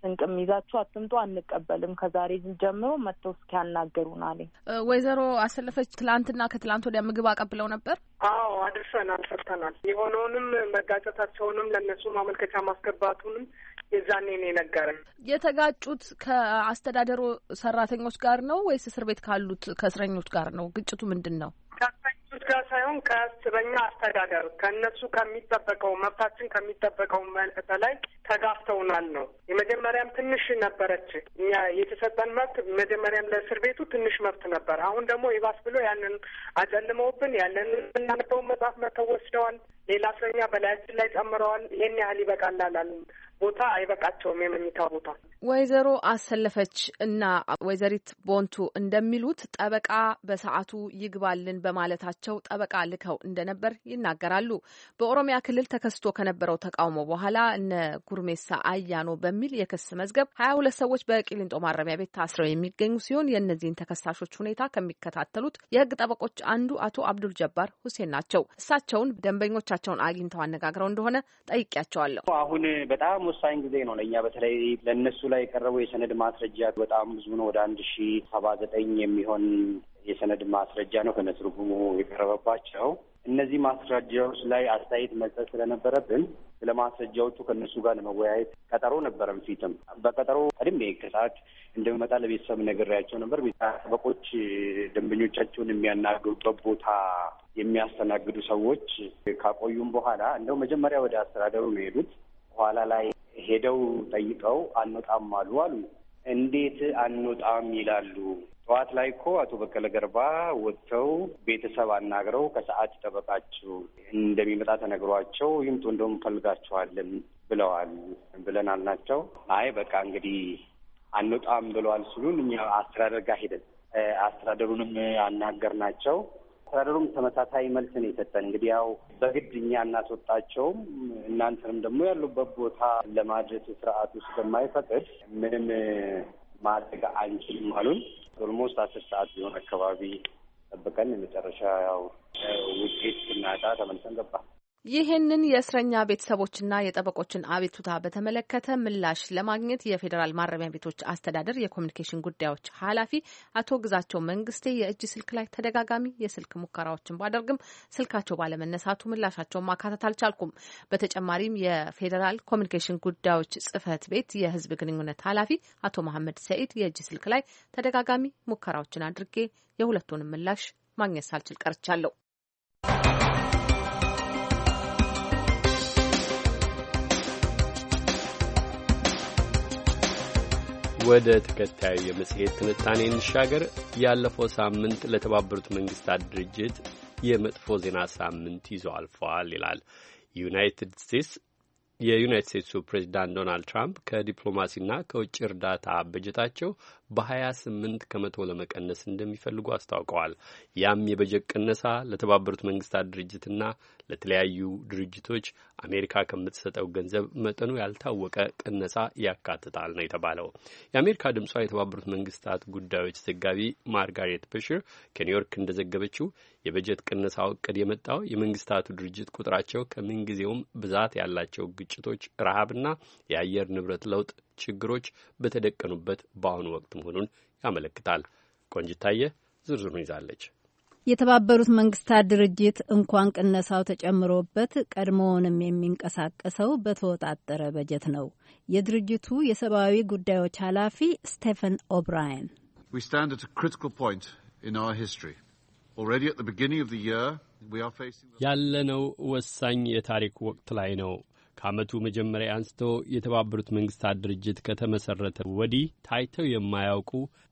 ስንቅም ይዛችሁ አትምጡ፣ አንቀበልም፣ ከዛሬ ጀምሮ መጥተው እስኪያናገሩን አለኝ። ወይዘሮ አሰለፈች ትላንትና ከትላንት ወዲያ ምግብ አቀብለው ነበር? አዎ አድርሰናል፣ ሰርተናል። የሆነውንም መጋጨታቸውንም ለእነሱ ማመልከቻ ማስገባቱንም የዛኔ ነው የነገረኝ። የተጋጩት ከአስተዳደሩ ሰራተኞች ጋር ነው ወይስ እስር ቤት ካሉት ከእስረኞች ጋር ነው? ግጭቱ ምንድን ነው? ከአስረኞች ጋር ሳይሆን ከአስረኛ አስተዳደር ከእነሱ ከሚጠበቀው መብታችን ከሚጠበቀው በላይ ተጋፍተውናል ነው። የመጀመሪያም ትንሽ ነበረች እኛ የተሰጠን መብት፣ መጀመሪያም ለእስር ቤቱ ትንሽ መብት ነበር። አሁን ደግሞ ይባስ ብሎ ያንን አጨልመውብን ያንን የምናነበው መጽሐፍ መተው ወስደዋል። ሌላ እስረኛ በላያችን ላይ ጨምረዋል። ይህን ያህል ይበቃል ቦታ አይበቃቸውም። የመኝታ ቦታ ወይዘሮ አሰለፈች እና ወይዘሪት ቦንቱ እንደሚሉት ጠበቃ በሰዓቱ ይግባልን በማለታቸው ጠበቃ ልከው እንደነበር ይናገራሉ። በኦሮሚያ ክልል ተከስቶ ከነበረው ተቃውሞ በኋላ እነ ጉርሜሳ አያኖ በሚል የክስ መዝገብ ሀያ ሁለት ሰዎች በቂሊንጦ ማረሚያ ቤት ታስረው የሚገኙ ሲሆን የእነዚህን ተከሳሾች ሁኔታ ከሚከታተሉት የህግ ጠበቆች አንዱ አቶ አብዱል ጀባር ሁሴን ናቸው። እሳቸውን ደንበኞቻቸውን አግኝተው አነጋግረው እንደሆነ ጠይቄያቸዋለሁ። አሁን በጣም ወሳኝ ጊዜ ነው ለእኛ በተለይ ለእነሱ ላይ የቀረበው የሰነድ ማስረጃ በጣም ብዙ ነው። ወደ አንድ ሺ ሰባ ዘጠኝ የሚሆን የሰነድ ማስረጃ ነው ከነ ትርጉሙ የቀረበባቸው። እነዚህ ማስረጃዎች ላይ አስተያየት መስጠት ስለነበረብን ስለ ማስረጃዎቹ ከእነሱ ጋር ለመወያየት ቀጠሮ ነበረም። ፊትም በቀጠሮ ቀድሜ ከሰዓት እንደመጣ ለቤተሰብ ነግሬያቸው ነበር። ጠበቆች ደንበኞቻቸውን የሚያናግሩበት ቦታ የሚያስተናግዱ ሰዎች ካቆዩም በኋላ እንደው መጀመሪያ ወደ አስተዳደሩ ነው የሄዱት። በኋላ ላይ ሄደው ጠይቀው አንወጣም አሉ አሉ። እንዴት አንወጣም ይላሉ። ጠዋት ላይ እኮ አቶ በቀለ ገርባ ወጥተው ቤተሰብ አናግረው ከሰዓት ጠበቃችሁ እንደሚመጣ ተነግሯቸው ይምጡ እንደውም እንፈልጋችኋለን ብለዋል ብለን አልናቸው። አይ በቃ እንግዲህ አንወጣም ብለዋል ሲሉን እኛ አስተዳደር ጋር ሄደን አስተዳደሩንም አናገርናቸው። አስተዳደሩም ተመሳሳይ መልስ ነው የሰጠ። እንግዲህ ያው በግድ እኛ እናስወጣቸውም እናንተንም ደግሞ ያሉበት ቦታ ለማድረስ ስርዓቱ ስለማይፈቅድ ምንም ማድረግ አንችልም አሉን። ኦልሞስት አስር ሰዓት ቢሆን አካባቢ ጠብቀን የመጨረሻ ያው ውጤት ስናጣ ተመልሰን ገባ። ይህንን የእስረኛ ቤተሰቦችና የጠበቆችን አቤቱታ በተመለከተ ምላሽ ለማግኘት የፌዴራል ማረሚያ ቤቶች አስተዳደር የኮሚኒኬሽን ጉዳዮች ኃላፊ አቶ ግዛቸው መንግስቴ የእጅ ስልክ ላይ ተደጋጋሚ የስልክ ሙከራዎችን ባደርግም ስልካቸው ባለመነሳቱ ምላሻቸውን ማካተት አልቻልኩም። በተጨማሪም የፌዴራል ኮሚኒኬሽን ጉዳዮች ጽህፈት ቤት የህዝብ ግንኙነት ኃላፊ አቶ መሐመድ ሰኢድ የእጅ ስልክ ላይ ተደጋጋሚ ሙከራዎችን አድርጌ የሁለቱንም ምላሽ ማግኘት ሳልችል ቀርቻለሁ። ወደ ተከታዩ የመጽሔት ትንታኔ እንሻገር። ያለፈው ሳምንት ለተባበሩት መንግስታት ድርጅት የመጥፎ ዜና ሳምንት ይዞ አልፏል ይላል። ዩናይትድ ስቴትስ የዩናይትድ ስቴትሱ ፕሬዚዳንት ዶናልድ ትራምፕ ከዲፕሎማሲና ከውጭ እርዳታ በጀታቸው በ28 ከመቶ ለመቀነስ እንደሚፈልጉ አስታውቀዋል። ያም የበጀት ቅነሳ ለተባበሩት መንግስታት ድርጅትና ለተለያዩ ድርጅቶች አሜሪካ ከምትሰጠው ገንዘብ መጠኑ ያልታወቀ ቅነሳ ያካትታል ነው የተባለው። የአሜሪካ ድምጿ የተባበሩት መንግስታት ጉዳዮች ዘጋቢ ማርጋሬት በሽር ከኒውዮርክ እንደዘገበችው የበጀት ቅነሳው እቅድ የመጣው የመንግስታቱ ድርጅት ቁጥራቸው ከምንጊዜውም ብዛት ያላቸው ግጭቶች፣ ረሃብና የአየር ንብረት ለውጥ ችግሮች በተደቀኑበት በአሁኑ ወቅት መሆኑን ያመለክታል። ቆንጅታየ ዝርዝሩን ይዛለች። የተባበሩት መንግስታት ድርጅት እንኳን ቅነሳው ተጨምሮበት ቀድሞውንም የሚንቀሳቀሰው በተወጣጠረ በጀት ነው። የድርጅቱ የሰብአዊ ጉዳዮች ኃላፊ ስቴፈን ኦብራየን ያለነው ወሳኝ የታሪክ ወቅት ላይ ነው። ከዓመቱ መጀመሪያ አንስቶ የተባበሩት መንግስታት ድርጅት ከተመሰረተ ወዲህ ታይተው የማያውቁ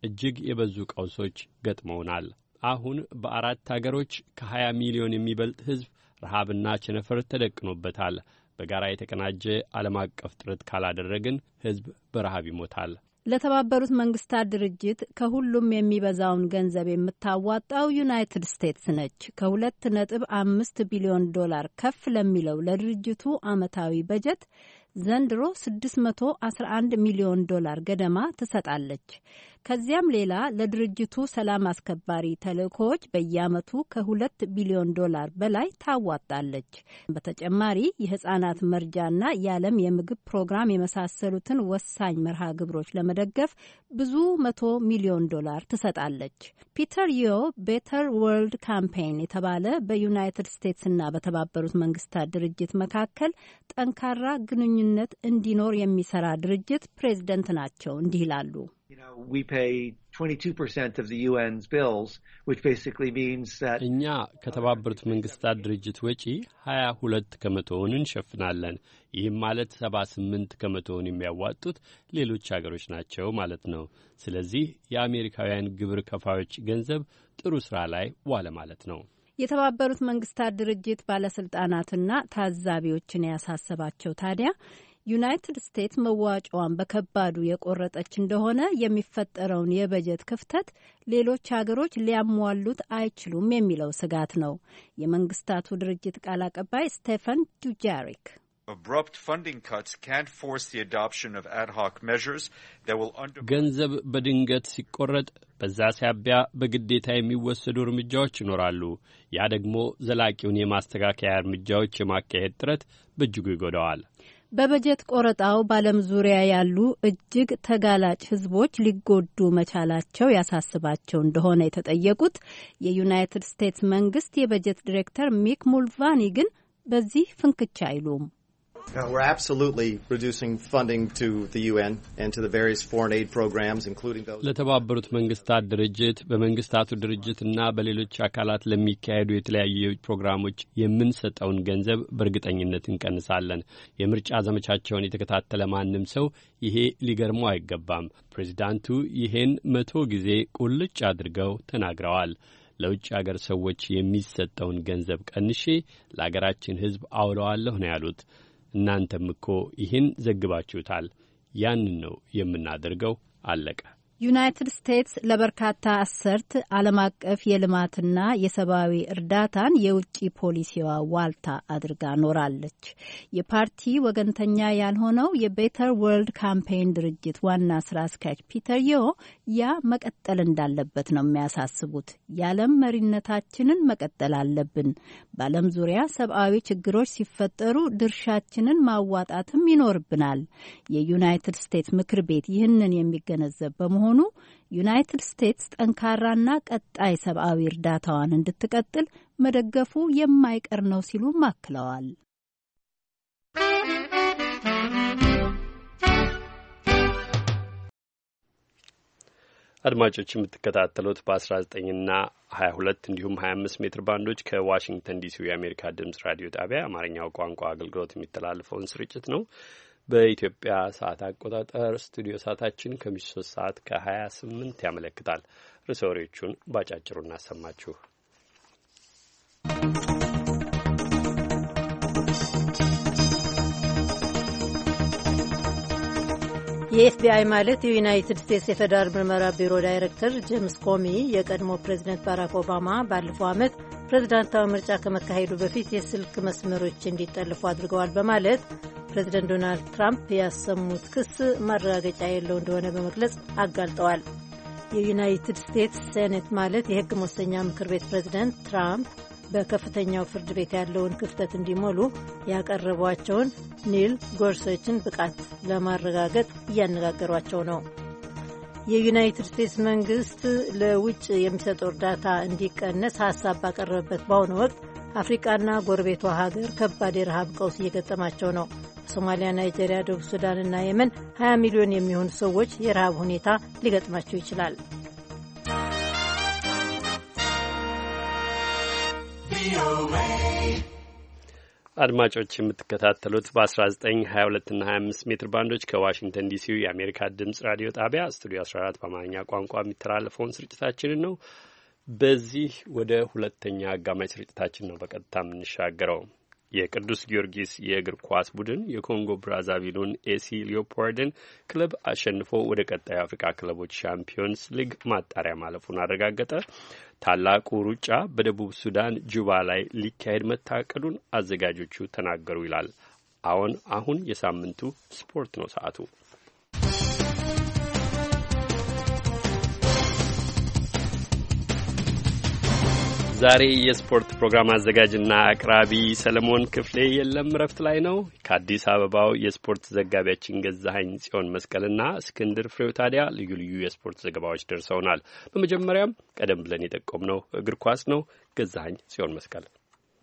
እጅግ የበዙ ቀውሶች ገጥመውናል። አሁን በአራት አገሮች ከ20 ሚሊዮን የሚበልጥ ሕዝብ ረሃብና ቸነፈር ተደቅኖበታል። በጋራ የተቀናጀ ዓለም አቀፍ ጥረት ካላደረግን ሕዝብ በረሃብ ይሞታል። ለተባበሩት መንግስታት ድርጅት ከሁሉም የሚበዛውን ገንዘብ የምታዋጣው ዩናይትድ ስቴትስ ነች። ከሁለት ነጥብ አምስት ቢሊዮን ዶላር ከፍ ለሚለው ለድርጅቱ አመታዊ በጀት ዘንድሮ 611 ሚሊዮን ዶላር ገደማ ትሰጣለች። ከዚያም ሌላ ለድርጅቱ ሰላም አስከባሪ ተልእኮዎች ከ ከሁለት ቢሊዮን ዶላር በላይ ታዋጣለች። በተጨማሪ የህጻናት መርጃና የዓለም የምግብ ፕሮግራም የመሳሰሉትን ወሳኝ መርሃ ግብሮች ለመደገፍ ብዙ መቶ ሚሊዮን ዶላር ትሰጣለች። ፒተር ዮ ቤተር ወርልድ ካምፔይን የተባለ በዩናይትድ ስቴትስና በተባበሩት መንግስታት ድርጅት መካከል ጠንካራ ግንኙ ግንኙነት እንዲኖር የሚሰራ ድርጅት ፕሬዝደንት ናቸው። እንዲህ ይላሉ። እኛ ከተባበሩት መንግስታት ድርጅት ወጪ 22 ሁለት ከመቶውን እንሸፍናለን። ይህም ማለት ሰባ ከመቶውን የሚያዋጡት ሌሎች አገሮች ናቸው ማለት ነው። ስለዚህ የአሜሪካውያን ግብር ከፋዮች ገንዘብ ጥሩ ስራ ላይ ዋለ ማለት ነው። የተባበሩት መንግስታት ድርጅት ባለስልጣናትና ታዛቢዎችን ያሳሰባቸው ታዲያ ዩናይትድ ስቴትስ መዋጫዋን በከባዱ የቆረጠች እንደሆነ የሚፈጠረውን የበጀት ክፍተት ሌሎች ሀገሮች ሊያሟሉት አይችሉም የሚለው ስጋት ነው። የመንግስታቱ ድርጅት ቃል አቀባይ ስቴፈን ዱጃሪክ ገንዘብ በድንገት ሲቆረጥ በዛ ሲያቢያ በግዴታ የሚወሰዱ እርምጃዎች ይኖራሉ። ያ ደግሞ ዘላቂውን የማስተካከያ እርምጃዎች የማካሄድ ጥረት በእጅጉ ይጎዳዋል። በበጀት ቆረጣው በዓለም ዙሪያ ያሉ እጅግ ተጋላጭ ሕዝቦች ሊጎዱ መቻላቸው ያሳስባቸው እንደሆነ የተጠየቁት የዩናይትድ ስቴትስ መንግስት የበጀት ዲሬክተር ሚክ ሙልቫኒ ግን በዚህ ፍንክቻ አይሉም። Uh, we're absolutely reducing funding to the UN and to the various foreign aid programs, including those. ለተባበሩት መንግስታት ድርጅት በመንግስታቱ ድርጅትና በሌሎች አካላት ለሚካሄዱ የተለያዩ ፕሮግራሞች የምንሰጠውን ገንዘብ በእርግጠኝነት እንቀንሳለን። የምርጫ ዘመቻቸውን የተከታተለ ማንም ሰው ይሄ ሊገርመው አይገባም። ፕሬዚዳንቱ ይሄን መቶ ጊዜ ቁልጭ አድርገው ተናግረዋል። ለውጭ አገር ሰዎች የሚሰጠውን ገንዘብ ቀንሼ ለአገራችን ሕዝብ አውለዋለሁ ነው ያሉት። እናንተም እኮ ይህን ዘግባችሁታል፣ ያንን ነው የምናደርገው፣ አለቀ። ዩናይትድ ስቴትስ ለበርካታ አሰርት ዓለም አቀፍ የልማትና የሰብአዊ እርዳታን የውጭ ፖሊሲዋ ዋልታ አድርጋ ኖራለች። የፓርቲ ወገንተኛ ያልሆነው የቤተር ወርልድ ካምፔይን ድርጅት ዋና ስራ አስኪያጅ ፒተር ዮ ያ መቀጠል እንዳለበት ነው የሚያሳስቡት። የዓለም መሪነታችንን መቀጠል አለብን። በዓለም ዙሪያ ሰብአዊ ችግሮች ሲፈጠሩ ድርሻችንን ማዋጣትም ይኖርብናል። የዩናይትድ ስቴትስ ምክር ቤት ይህንን የሚገነዘብ በመሆ በመሆኑ ዩናይትድ ስቴትስ ጠንካራና ቀጣይ ሰብአዊ እርዳታዋን እንድትቀጥል መደገፉ የማይቀር ነው ሲሉም አክለዋል። አድማጮች የምትከታተሉት በ19ና 22 እንዲሁም 25 ሜትር ባንዶች ከዋሽንግተን ዲሲ የአሜሪካ ድምጽ ራዲዮ ጣቢያ አማርኛው ቋንቋ አገልግሎት የሚተላለፈውን ስርጭት ነው። በኢትዮጵያ ሰዓት አቆጣጠር ስቱዲዮ ሰዓታችን ከምሽቱ ሶስት ሰዓት ከሀያ ስምንት ያመለክታል። ርዕሰ ወሬዎቹን ባጫጭሩ እናሰማችሁ። የኤፍቢአይ ማለት የዩናይትድ ስቴትስ የፌዴራል ምርመራ ቢሮ ዳይሬክተር ጄምስ ኮሚ የቀድሞ ፕሬዚደንት ባራክ ኦባማ ባለፈው ዓመት ፕሬዚዳንታዊ ምርጫ ከመካሄዱ በፊት የስልክ መስመሮች እንዲጠልፉ አድርገዋል በማለት ፕሬዚደንት ዶናልድ ትራምፕ ያሰሙት ክስ ማረጋገጫ የለው እንደሆነ በመግለጽ አጋልጠዋል። የዩናይትድ ስቴትስ ሴኔት ማለት የሕግ መወሰኛ ምክር ቤት ፕሬዚደንት ትራምፕ በከፍተኛው ፍርድ ቤት ያለውን ክፍተት እንዲሞሉ ያቀረቧቸውን ኒል ጎርሶችን ብቃት ለማረጋገጥ እያነጋገሯቸው ነው። የዩናይትድ ስቴትስ መንግስት ለውጭ የሚሰጠው እርዳታ እንዲቀነስ ሀሳብ ባቀረበበት በአሁኑ ወቅት አፍሪቃና ጎረቤቷ ሀገር ከባድ የረሃብ ቀውስ እየገጠማቸው ነው። በሶማሊያ፣ ናይጄሪያ፣ ደቡብ ሱዳንና የመን 20 ሚሊዮን የሚሆኑ ሰዎች የረሃብ ሁኔታ ሊገጥማቸው ይችላል። አድማጮች የምትከታተሉት በ1922 እና 25 ሜትር ባንዶች ከዋሽንግተን ዲሲው የአሜሪካ ድምፅ ራዲዮ ጣቢያ ስቱዲዮ 14 በአማርኛ ቋንቋ የሚተላለፈውን ስርጭታችንን ነው። በዚህ ወደ ሁለተኛ አጋማሽ ስርጭታችን ነው በቀጥታ የምንሻገረው። የቅዱስ ጊዮርጊስ የእግር ኳስ ቡድን የኮንጎ ብራዛቪሉን ኤሲ ሊዮፖርድን ክለብ አሸንፎ ወደ ቀጣዩ የአፍሪካ ክለቦች ሻምፒዮንስ ሊግ ማጣሪያ ማለፉን አረጋገጠ። ታላቁ ሩጫ በደቡብ ሱዳን ጁባ ላይ ሊካሄድ መታቀዱን አዘጋጆቹ ተናገሩ ይላል። አሁን አሁን የሳምንቱ ስፖርት ነው ሰዓቱ። ዛሬ የስፖርት ፕሮግራም አዘጋጅና አቅራቢ ሰለሞን ክፍሌ የለም፣ እረፍት ላይ ነው። ከአዲስ አበባው የስፖርት ዘጋቢያችን ገዛሀኝ ጽዮን መስቀልና እስክንድር ፍሬው ታዲያ ልዩ ልዩ የስፖርት ዘገባዎች ደርሰውናል። በመጀመሪያም ቀደም ብለን የጠቆምነው እግር ኳስ ነው። ገዛሀኝ ጽዮን መስቀል።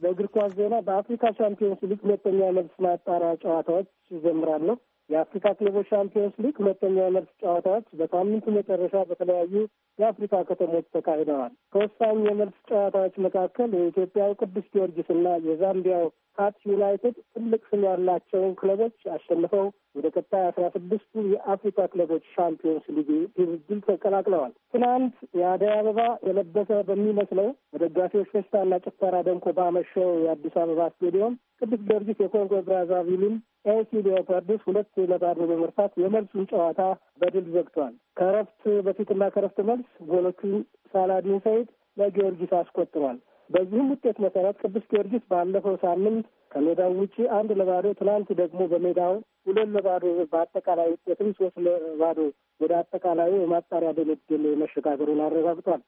በእግር ኳስ ዜና በአፍሪካ ሻምፒዮንስ ሊግ ሁለተኛ መልስ ማጣሪያ ጨዋታዎች ይጀምራሉ። የአፍሪካ ክለቦች ሻምፒዮንስ ሊግ ሁለተኛ የመልስ ጨዋታዎች በሳምንቱ መጨረሻ በተለያዩ የአፍሪካ ከተሞች ተካሂደዋል። ከወሳኝ የመልስ ጨዋታዎች መካከል የኢትዮጵያው ቅዱስ ጊዮርጊስ እና የዛምቢያው ካትስ ዩናይትድ ትልቅ ስም ያላቸውን ክለቦች አሸንፈው ወደ ቀጣይ አስራ ስድስቱ የአፍሪካ ክለቦች ሻምፒዮንስ ሊግ ድርድል ተቀላቅለዋል። ትናንት የአደይ አበባ የለበሰ በሚመስለው በደጋፊዎች ፈሽታና ጭፈራ ደምቆ ባመሸው የአዲስ አበባ ስቴዲየም ቅዱስ ጊዮርጊስ የኮንጎ ብራዛቪልን ኤሲ ሊዮፓርድስ ሁለት ለባዶ በመርታት የመልሱን ጨዋታ በድል ዘግቷል። ከእረፍት በፊትና ከእረፍት መልስ ጎሎቹን ሳላዲን ሰይድ ለጊዮርጊስ አስቆጥሯል። በዚህም ውጤት መሰረት ቅዱስ ጊዮርጊስ ባለፈው ሳምንት ከሜዳው ውጪ አንድ ለባዶ ትናንት ደግሞ በሜዳው ሁለት ለባዶ በአጠቃላይ ውጤትም ሶስት ለባዶ ወደ አጠቃላዩ የማጣሪያ ድልድል መሸጋገሩን አረጋግጧል።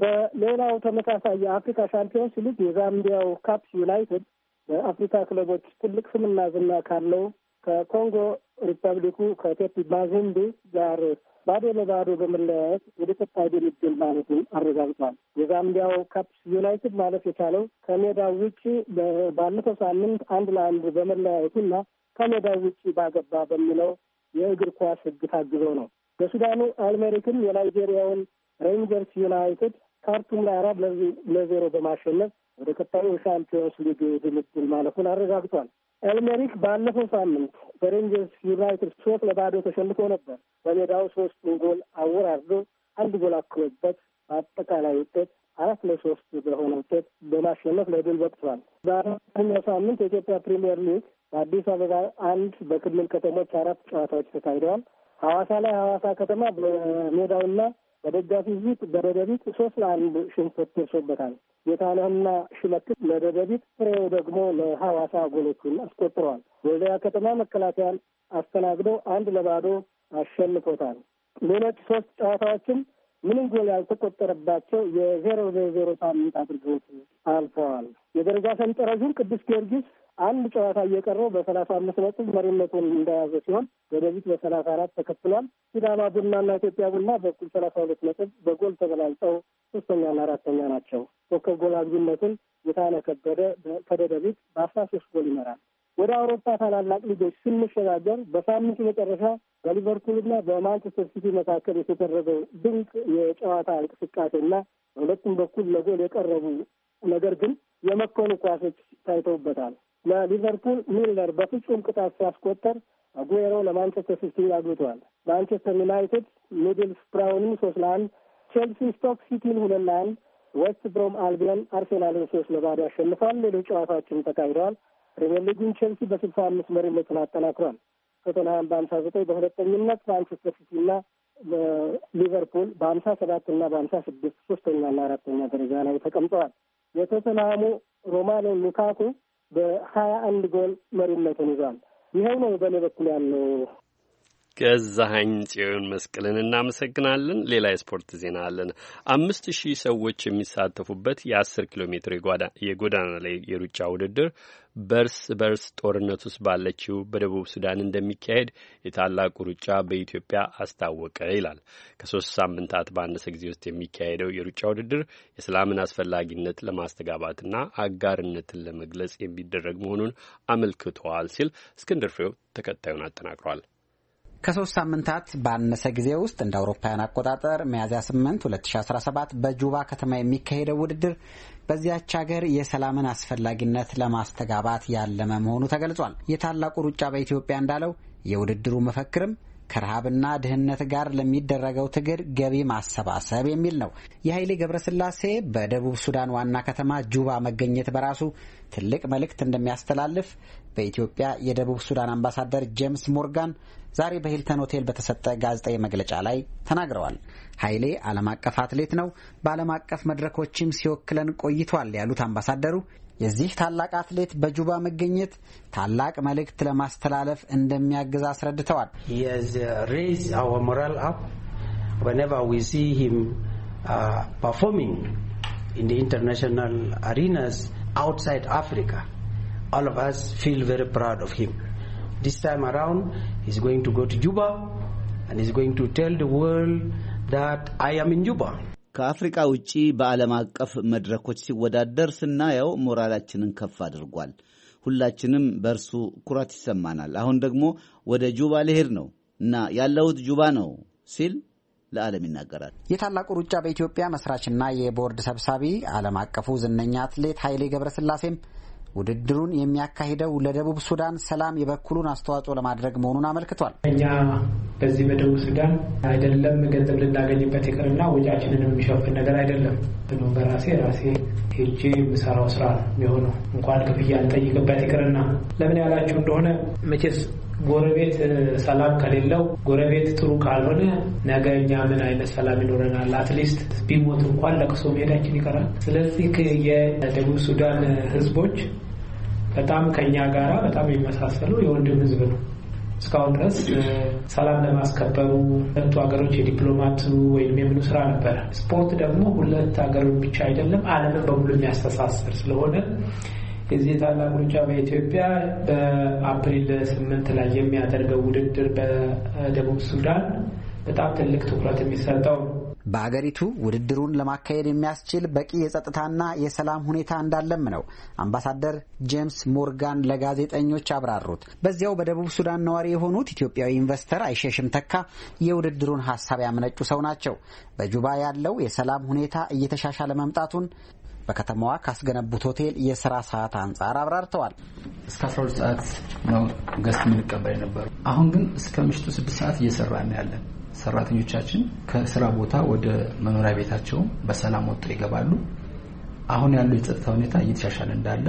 በሌላው ተመሳሳይ የአፍሪካ ሻምፒዮንስ ሊግ የዛምቢያው ካፕስ ዩናይትድ በአፍሪካ ክለቦች ትልቅ ስምና ዝና ካለው ከኮንጎ ሪፐብሊኩ ከቴፒ ማዙምቢ ጋር ባዶ ለባዶ በመለያየት ወደ ቀጣይ የሚገኝ ማለቱን አረጋግጧል። የዛምቢያው ካፕስ ዩናይትድ ማለት የቻለው ከሜዳ ውጭ ባለፈው ሳምንት አንድ ለአንድ በመለያየቱና ከሜዳ ውጭ ባገባ በሚለው የእግር ኳስ ሕግ ታግዞ ነው። በሱዳኑ አልሜሪክም የናይጄሪያውን ሬንጀርስ ዩናይትድ ካርቱም ላይ አራት ለዜሮ በማሸነፍ ወደ ቀጣዩ ሻምፒዮንስ ሊግ ድልድል ማለፉን አረጋግጧል። ኤልሜሪክ ባለፈው ሳምንት በሬንጀርስ ዩናይትድ ሶስት ለባዶ ተሸንፎ ነበር። በሜዳው ሶስቱን ጎል አወራርዶ አንድ ጎል አክሎበት በአጠቃላይ ውጤት አራት ለሶስት በሆነ ውጤት በማሸነፍ ለድል በቅቷል። በአራተኛው ሳምንት የኢትዮጵያ ፕሪምየር ሊግ በአዲስ አበባ አንድ በክልል ከተሞች አራት ጨዋታዎች ተካሂደዋል። ሐዋሳ ላይ ሐዋሳ ከተማ በሜዳውና በደጋፊ ፊት በደደቢት ሶስት ለአንድ ሽንፈት ደርሶበታል። ጌታነህና ሽመክት ለደደቢት፣ ፍሬው ደግሞ ለሐዋሳ ጎሎቹን አስቆጥረዋል። ወልዲያ ከተማ መከላከያን አስተናግዶ አንድ ለባዶ አሸንፎታል። ሌሎች ሶስት ጨዋታዎችም ምንም ጎል ያልተቆጠረባቸው የዜሮ ዜሮ ሳምንት አድርገውት አልፈዋል። የደረጃ ሰንጠረዡን ቅዱስ ጊዮርጊስ አንድ ጨዋታ እየቀረው በሰላሳ አምስት ነጥብ መሪነቱን እንደያዘ ሲሆን ወደፊት በሰላሳ አራት ተከትሏል። ሲዳማ ቡናና ኢትዮጵያ ቡና በኩል ሰላሳ ሁለት ነጥብ በጎል ተበላልጠው ሶስተኛና አራተኛ ናቸው። ኮከብ ጎል አግቢነቱን የታነ ከበደ ከደደቢት በአስራ ሶስት ጎል ይመራል። ወደ አውሮፓ ታላላቅ ሊጎች ስንሸጋገር በሳምንቱ መጨረሻ በሊቨርፑልና በማንቸስተር ሲቲ መካከል የተደረገው ድንቅ የጨዋታ እንቅስቃሴና በሁለቱም በኩል ለጎል የቀረቡ ነገር ግን የመከኑ ኳሶች ታይተውበታል። ለሊቨርፑል ሚልነር በፍጹም ቅጣት ሲያስቆጠር አጉሮ ለማንቸስተር ሲቲ አግብተዋል። ማንቸስተር ዩናይትድ ሚድል ስፕራውንን ሶስት ለአንድ፣ ቼልሲ ስቶክ ሲቲን ሁለት ለአንድ፣ ዌስት ብሮም አልቢዮን አርሴናልን ሶስት ለባዶ አሸንፏል። ሌሎች ጨዋታዎችም ተካሂደዋል። ፕሪሚየር ሊጉን ቼልሲ በስልሳ አምስት መሪነቱን አጠናክሯል። ቶተንሃም በአምሳ ዘጠኝ በሁለተኝነት ማንቸስተር ሲቲ ሲቲና ሊቨርፑል በአምሳ ሰባት እና በአምሳ ስድስት ሶስተኛና አራተኛ ደረጃ ላይ ተቀምጠዋል። የቶተንሃሙ ሮማሎ ሉካኩ በሀያ አንድ ጎል መሪነቱን ይዟል። ይኸው ነው በእኔ በኩል ያለው ገዛሀኝ ጽዮን መስቀልን እናመሰግናለን። ሌላ የስፖርት ዜና አለን። አምስት ሺህ ሰዎች የሚሳተፉበት የአስር ኪሎ ሜትር የጎዳና ላይ የሩጫ ውድድር በርስ በርስ ጦርነት ውስጥ ባለችው በደቡብ ሱዳን እንደሚካሄድ የታላቁ ሩጫ በኢትዮጵያ አስታወቀ ይላል። ከሶስት ሳምንታት በአነሰ ጊዜ ውስጥ የሚካሄደው የሩጫ ውድድር የሰላምን አስፈላጊነት ለማስተጋባትና አጋርነትን ለመግለጽ የሚደረግ መሆኑን አመልክተዋል ሲል እስክንድር ፍሬው ተከታዩን አጠናቅሯል። ከሶስት ሳምንታት ባነሰ ጊዜ ውስጥ እንደ አውሮፓውያን አቆጣጠር ሚያዝያ 8 2017 በጁባ ከተማ የሚካሄደው ውድድር በዚያች ሀገር የሰላምን አስፈላጊነት ለማስተጋባት ያለመ መሆኑ ተገልጿል። የታላቁ ሩጫ በኢትዮጵያ እንዳለው የውድድሩ መፈክርም ከረሃብና ድህነት ጋር ለሚደረገው ትግል ገቢ ማሰባሰብ የሚል ነው። የኃይሌ ገብረስላሴ በደቡብ ሱዳን ዋና ከተማ ጁባ መገኘት በራሱ ትልቅ መልእክት እንደሚያስተላልፍ በኢትዮጵያ የደቡብ ሱዳን አምባሳደር ጄምስ ሞርጋን ዛሬ በሂልተን ሆቴል በተሰጠ ጋዜጣዊ መግለጫ ላይ ተናግረዋል። ኃይሌ ዓለም አቀፍ አትሌት ነው፣ በዓለም አቀፍ መድረኮችም ሲወክለን ቆይቷል ያሉት አምባሳደሩ He has uh, raised our ታላቅ up. Whenever we see him uh, performing in the international arenas outside Africa, all of us feel very proud of him. This time around, he's going to go to Juba and he's going to tell the world that I am in Juba. ከአፍሪቃ ውጪ በዓለም አቀፍ መድረኮች ሲወዳደር ስናየው ሞራላችንን ከፍ አድርጓል። ሁላችንም በእርሱ ኩራት ይሰማናል። አሁን ደግሞ ወደ ጁባ ልሄድ ነው እና ያለሁት ጁባ ነው ሲል ለዓለም ይናገራል። የታላቁ ሩጫ በኢትዮጵያ መስራችና የቦርድ ሰብሳቢ ዓለም አቀፉ ዝነኛ አትሌት ኃይሌ ገብረስላሴም ውድድሩን የሚያካሂደው ለደቡብ ሱዳን ሰላም የበኩሉን አስተዋጽኦ ለማድረግ መሆኑን አመልክቷል። እኛ በዚህ በደቡብ ሱዳን አይደለም ገንዘብ ልናገኝበት ይቅርና ወጪያችንን የሚሸፍን ነገር አይደለም። ብሎ በራሴ ራሴ ሄጄ የምሰራው ስራ ነው የሚሆነው። እንኳን ክፍያ አልጠይቅበት ይቅርና ለምን ያላችሁ እንደሆነ መቼስ ጎረቤት ሰላም ከሌለው ጎረቤት ጥሩ ካልሆነ ነገ እኛ ምን አይነት ሰላም ይኖረናል? አትሊስት ቢሞት እንኳን ለቅሶ መሄዳችን ይቀራል። ስለዚህ የደቡብ ሱዳን ህዝቦች በጣም ከኛ ጋራ በጣም የሚመሳሰሉ የወንድም ህዝብ ነው። እስካሁን ድረስ ሰላም ለማስከበሩ ሁለቱ ሀገሮች የዲፕሎማቱ ወይም የምኑ ስራ ነበረ። ስፖርት ደግሞ ሁለት ሀገሮች ብቻ አይደለም፣ ዓለምን በሙሉ የሚያስተሳስር ስለሆነ የዚህ ታላቅ ሩጫ በኢትዮጵያ በአፕሪል ስምንት ላይ የሚያደርገው ውድድር በደቡብ ሱዳን በጣም ትልቅ ትኩረት የሚሰጠው በአገሪቱ ውድድሩን ለማካሄድ የሚያስችል በቂ የጸጥታና የሰላም ሁኔታ እንዳለም ነው አምባሳደር ጄምስ ሞርጋን ለጋዜጠኞች አብራሩት። በዚያው በደቡብ ሱዳን ነዋሪ የሆኑት ኢትዮጵያዊ ኢንቨስተር አይሸሽም ተካ የውድድሩን ሀሳብ ያመነጩ ሰው ናቸው። በጁባ ያለው የሰላም ሁኔታ እየተሻሻለ መምጣቱን በከተማዋ ካስገነቡት ሆቴል የስራ ሰዓት አንጻር አብራርተዋል። እስከ 12 ሰዓት ነው ገስት የምንቀበል የነበረው። አሁን ግን እስከ ምሽቱ ስድስት ሰዓት እየሰራ ያለን ሰራተኞቻችን ከስራ ቦታ ወደ መኖሪያ ቤታቸው በሰላም ወጥተው ይገባሉ። አሁን ያለው የጸጥታ ሁኔታ እየተሻሻለ እንዳለ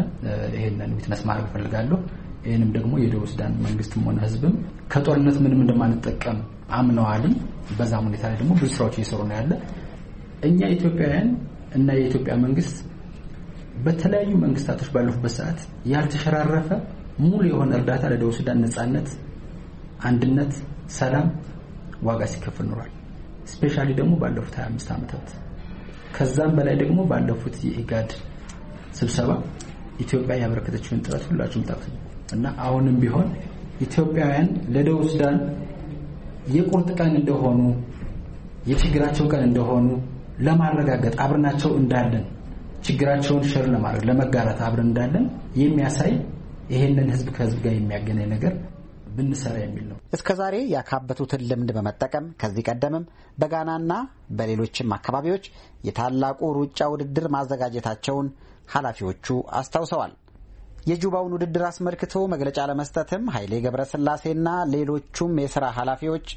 ይህንን ዊትነስ ማድረግ እፈልጋለሁ። ይህንም ደግሞ የደቡብ ሱዳን መንግስትም ሆነ ህዝብም ከጦርነት ምንም እንደማንጠቀም አምነዋልም። በዛም ሁኔታ ላይ ደግሞ ብዙ ስራዎች እየሰሩ ነው ያለ እኛ ኢትዮጵያውያን እና የኢትዮጵያ መንግስት በተለያዩ መንግስታቶች ባለፉበት ሰዓት ያልተሸራረፈ ሙሉ የሆነ እርዳታ ለደቡብ ሱዳን ነጻነት፣ አንድነት፣ ሰላም ዋጋ ሲከፍል ኖሯል። ስፔሻሊ ደግሞ ባለፉት 25 ዓመታት ከዛም በላይ ደግሞ ባለፉት የኢጋድ ስብሰባ ኢትዮጵያ ያበረከተችውን ጥረት ሁላችሁም ጠቅሱ እና አሁንም ቢሆን ኢትዮጵያውያን ለደቡብ ሱዳን የቁርጥ ቀን እንደሆኑ የችግራቸው ቀን እንደሆኑ ለማረጋገጥ አብረናቸው እንዳለን ችግራቸውን ሸር ለማድረግ ለመጋራት አብረን እንዳለን የሚያሳይ ይሄንን ህዝብ ከህዝብ ጋር የሚያገናኝ ነገር ብንሰራ የሚል ነው። ዛሬ ያካበቱትን ልምድ በመጠቀም ከዚህ ቀደምም በጋናና በሌሎችም አካባቢዎች የታላቁ ሩጫ ውድድር ማዘጋጀታቸውን ኃላፊዎቹ አስታውሰዋል። የጁባውን ውድድር አስመልክቶ መግለጫ ለመስጠትም ኃይሌ ገብረስላሴና ሌሎቹም የሥራ ኃላፊዎች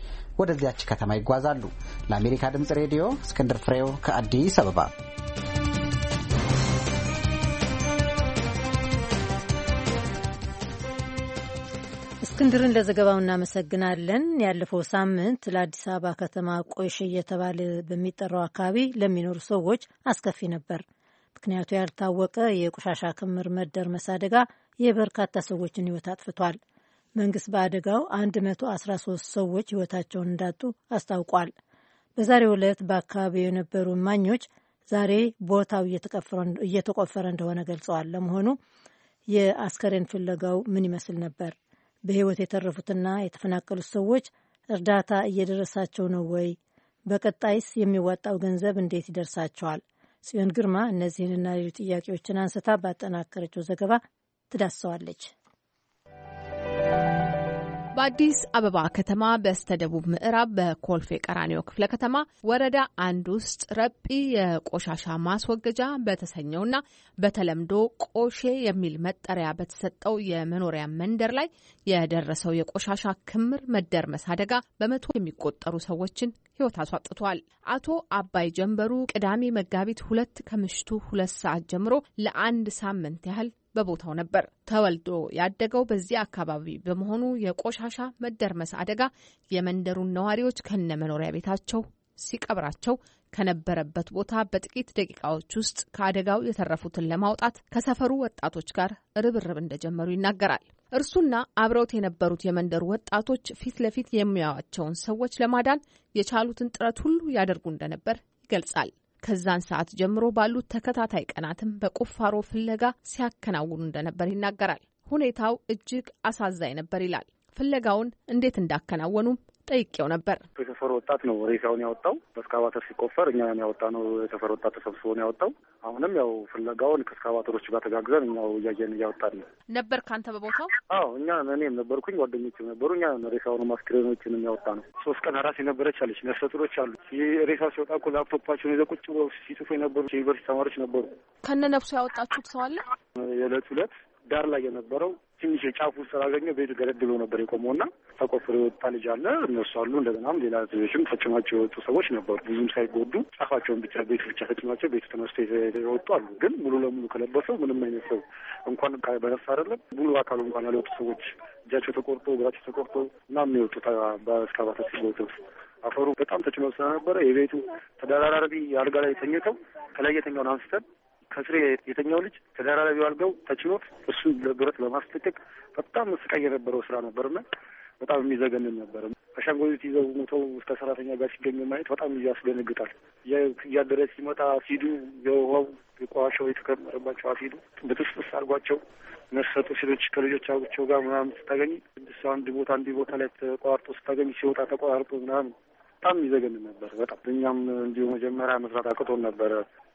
ወደዚያች ከተማ ይጓዛሉ። ለአሜሪካ ድምፅ ሬዲዮ እስክንድር ፍሬው ከአዲስ አበባ እስክንድርን ለዘገባው እናመሰግናለን። ያለፈው ሳምንት ለአዲስ አበባ ከተማ ቆይሽ እየተባለ በሚጠራው አካባቢ ለሚኖሩ ሰዎች አስከፊ ነበር። ምክንያቱ ያልታወቀ የቆሻሻ ክምር መደርመስ አደጋ የበርካታ ሰዎችን ሕይወት አጥፍቷል። መንግስት በአደጋው 113 ሰዎች ሕይወታቸውን እንዳጡ አስታውቋል። በዛሬው ዕለት በአካባቢው የነበሩ እማኞች ዛሬ ቦታው እየተቆፈረ እንደሆነ ገልጸዋል። ለመሆኑ የአስከሬን ፍለጋው ምን ይመስል ነበር? በሕይወት የተረፉትና የተፈናቀሉት ሰዎች እርዳታ እየደረሳቸው ነው ወይ? በቀጣይስ የሚዋጣው ገንዘብ እንዴት ይደርሳቸዋል? ጽዮን ግርማ እነዚህንና ሌሎች ጥያቄዎችን አንስታ ባጠናከረችው ዘገባ ትዳሰዋለች። በአዲስ አበባ ከተማ በስተደቡብ ምዕራብ በኮልፌ ቀራኒዮ ክፍለ ከተማ ወረዳ አንድ ውስጥ ረጲ የቆሻሻ ማስወገጃ በተሰኘውና በተለምዶ ቆሼ የሚል መጠሪያ በተሰጠው የመኖሪያ መንደር ላይ የደረሰው የቆሻሻ ክምር መደርመስ አደጋ በመቶ የሚቆጠሩ ሰዎችን ሕይወት አስዋጥቷል። አቶ አባይ ጀንበሩ ቅዳሜ መጋቢት ሁለት ከምሽቱ ሁለት ሰዓት ጀምሮ ለአንድ ሳምንት ያህል በቦታው ነበር። ተወልዶ ያደገው በዚህ አካባቢ በመሆኑ የቆሻሻ መደርመስ አደጋ የመንደሩን ነዋሪዎች ከነ መኖሪያ ቤታቸው ሲቀብራቸው ከነበረበት ቦታ በጥቂት ደቂቃዎች ውስጥ ከአደጋው የተረፉትን ለማውጣት ከሰፈሩ ወጣቶች ጋር ርብርብ እንደጀመሩ ይናገራል። እርሱና አብረውት የነበሩት የመንደሩ ወጣቶች ፊት ለፊት የሚያዩዋቸውን ሰዎች ለማዳን የቻሉትን ጥረት ሁሉ ያደርጉ እንደነበር ይገልጻል። ከዛን ሰዓት ጀምሮ ባሉት ተከታታይ ቀናትም በቁፋሮ ፍለጋ ሲያከናውኑ እንደነበር ይናገራል። ሁኔታው እጅግ አሳዛኝ ነበር ይላል። ፍለጋውን እንዴት እንዳከናወኑም ጠይቄው ነበር። የሰፈር ወጣት ነው ሬሳውን ያወጣው። በእስካቫተር ሲቆፈር እኛ ያን ያወጣ ነው የሰፈር ወጣት ተሰብስቦ ነው ያወጣው። አሁንም ያው ፍለጋውን ከእስካቫተሮች ጋር ተጋግዘን እኛው እያየን እያወጣን ነው። ነበር ከአንተ በቦታው? አዎ እኛ እኔም ነበርኩኝ፣ ጓደኞችም ነበሩ። እኛ ሬሳውን ማስክሬኖችን የሚያወጣ ነው። ሶስት ቀን አራስ የነበረች አለች። ነፍሰ ጡሮች አሉ። ሬሳ ሲወጣ እኮ ላፕቶፓቸውን ይዘው ቁጭ ብለው ሲጽፉ የነበሩ የዩኒቨርሲቲ ተማሪዎች ነበሩ። ከነ ነፍሱ ያወጣችሁት ሰው አለ የዕለት ዕለት ዳር ላይ የነበረው ትንሽ የጫፉ ስላገኘ ቤት ገደድ ብሎ ነበር የቆመውና ተቆፍሮ የወጣ ልጅ አለ። እነሱ አሉ። እንደገናም ሌላ ዜሽም ተጭኗቸው የወጡ ሰዎች ነበሩ። ብዙም ሳይጎዱ ጫፋቸውን ብቻ ቤቱ ብቻ ተጭኗቸው ቤቱ ተነስቶ የወጡ አሉ። ግን ሙሉ ለሙሉ ከለበሰው ምንም አይነት ሰው እንኳን በነፍስ አይደለም ሙሉ አካሉ እንኳን ያልወጡ ሰዎች እጃቸው ተቆርጦ እግራቸው ተቆርጦ እና የወጡት በእስካባታ ሲወጡት አፈሩ በጣም ተጭኖ ስለነበረ የቤቱ ተደራራቢ አልጋ ላይ ተኝተው ከላይ የተኛውን አንስተን ከስር የተኛው ልጅ ተደራራቢ አልጋው ተችሎት እሱ ብረት ለማስለቀቅ በጣም መስቃይ የነበረው ስራ ነበርና በጣም የሚዘገንን ነበር። አሻንጉሊት ይዘው ሞተው እስከ ሰራተኛ ጋር ሲገኙ ማየት በጣም ያስደነግጣል። እያደረ ሲመጣ አሲዱ፣ የውሃው የቆሻሻው የተከመረባቸው አሲዱ በትስጥስ አድርጓቸው ነሰጡ ሴቶች ከልጆቻቸው ጋር ምናምን ስታገኝ ስድስት አንድ ቦታ አንድ ቦታ ላይ ተቋርጦ ስታገኝ ሲወጣ ተቋርጦ ምናምን በጣም ይዘገንን ነበር። በጣም እኛም እንዲሁ መጀመሪያ መስራት አቅቶን ነበረ።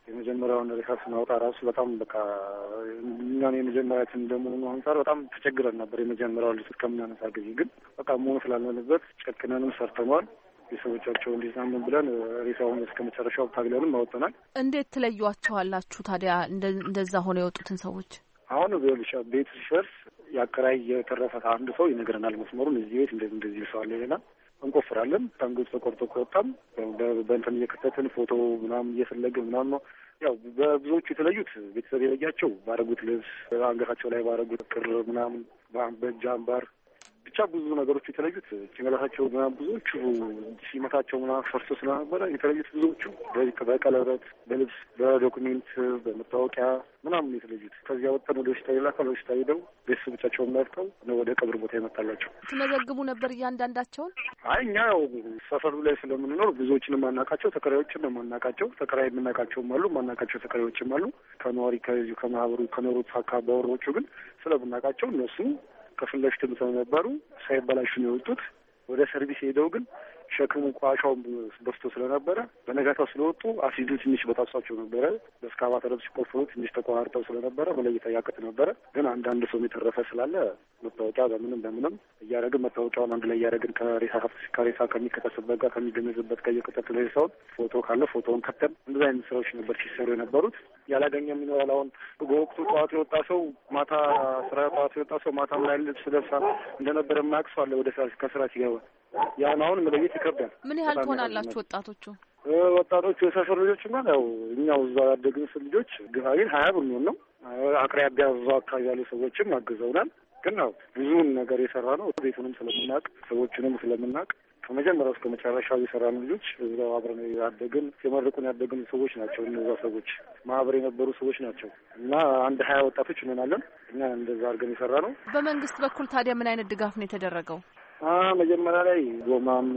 የመጀመሪያውን ሪሰርች ማውጣ ራሱ በጣም በቃ እኛን ትን እንደመሆኑ አንጻር በጣም ተቸግረን ነበር። የመጀመሪያውን ሪሰርች ከምናነሳ ጊዜ ግን በቃ መሆኑ ስላለንበት ጨክነንም ሰርተኗል። ቤተሰቦቻቸው እንዲዛምን ብለን ሬሳውን እስከ መጨረሻው ታግለንም አወጠናል። እንዴት ትለዩዋቸዋላችሁ ታዲያ? እንደዛ ሆነ የወጡትን ሰዎች አሁን ቢሆልሻ ቤት ሲፈርስ የአከራይ የተረፈት አንድ ሰው ይነግረናል መስመሩን እዚህ ቤት እንደዚህ እንደዚህ ሰው ይለናል። እንቆፍራለን። ታንጎች ተቆርጦ ከወጣም በእንትን እየከተትን ፎቶ ምናምን እየፈለግን ምናምን ነው። ያው በብዙዎቹ የተለዩት ቤተሰብ የለያቸው ባረጉት ልብስ፣ አንገታቸው ላይ ባረጉት ክር ምናምን፣ በእጅ አምባር ብቻ ብዙ ነገሮች የተለዩት ጭንቅላታቸው ምናምን ብዙዎቹ ሲመታቸው ምናምን ፈርሶ ስለነበረ የተለዩት ብዙዎቹ በቀለበት፣ በልብስ፣ በዶክሜንት፣ በመታወቂያ ምናምን የተለዩት። ከዚያ ወጥተን ወደ ሽታ ሌላ ካል ሽታ ሄደው ቤተሰቦቻቸውን መርጠው ወደ ቀብር ቦታ ይመጣላቸው። ትመዘግቡ ነበር እያንዳንዳቸውን? አይ እኛ ያው ሰፈሩ ላይ ስለምንኖር ብዙዎችን የማናቃቸው ተከራዮችን ነው ማናቃቸው። ተከራይ የምናቃቸውም አሉ ማናቃቸው ተከራዮችም አሉ። ከነዋሪ ከዚሁ ከማህበሩ ከኖሩት አካባቢ ባወሮቹ ግን ስለምናቃቸው እነሱ ከፊት ለፊትም ሰው ነበሩ ሳይበላሹ ነው የወጡት። ወደ ሰርቪስ ሄደው ግን ሸክሙ ቋሻው በስቶ ስለነበረ በነጋታው ስለወጡ አሲዱ ትንሽ በታሳቸው ነበረ። በስካባ ተረብ ሲቆፍሩ ትንሽ ተቋርጠው ስለነበረ መለየት ያቅት ነበረ። ግን አንዳንድ ሰው የተረፈ ስላለ መታወቂያ በምንም በምንም እያደረግን መታወቂያውን አንድ ላይ እያደረግን ከሬሳ ከሚከተስበት ጋር ከሚገነዝበት ከየቅጠት ሬሳውን ፎቶ ካለ ፎቶውን ከተን እንደዚ አይነት ስራዎች ነበር ሲሰሩ የነበሩት። ያላገኘ የሚኖራል። አሁን በወቅቱ ጠዋት የወጣ ሰው ማታ ስራ ጠዋት የወጣ ሰው ማታም ላይ ልብስ ለብሳ እንደነበረ የማያውቅ ሰው አለ ወደ ከስራ ሲገባ ያን አሁን መለየት ይከብዳል። ምን ያህል ትሆናላችሁ ወጣቶቹ? ወጣቶቹ የሰፈር ልጆች ማለት ያው እኛው እዛ ያደግን ልጆች ግን ሀያ ብንሆን ነው። አቅራቢያ እዛው አካባቢ ያሉ ሰዎችም አግዘውናል። ግን ያው ብዙውን ነገር የሰራ ነው ቤቱንም ስለምናቅ ሰዎችንም ስለምናቅ ከመጀመሪያው እስከ መጨረሻው የሰራን ልጆች እዛው አብረን ያደግን የመረቁን ያደግን ሰዎች ናቸው። እነዛ ሰዎች ማህበር የነበሩ ሰዎች ናቸው እና አንድ ሀያ ወጣቶች እንሆናለን። እኛ እንደዛ አድርገን የሰራ ነው። በመንግስት በኩል ታዲያ ምን አይነት ድጋፍ ነው የተደረገው? መጀመሪያ ላይ ጎማም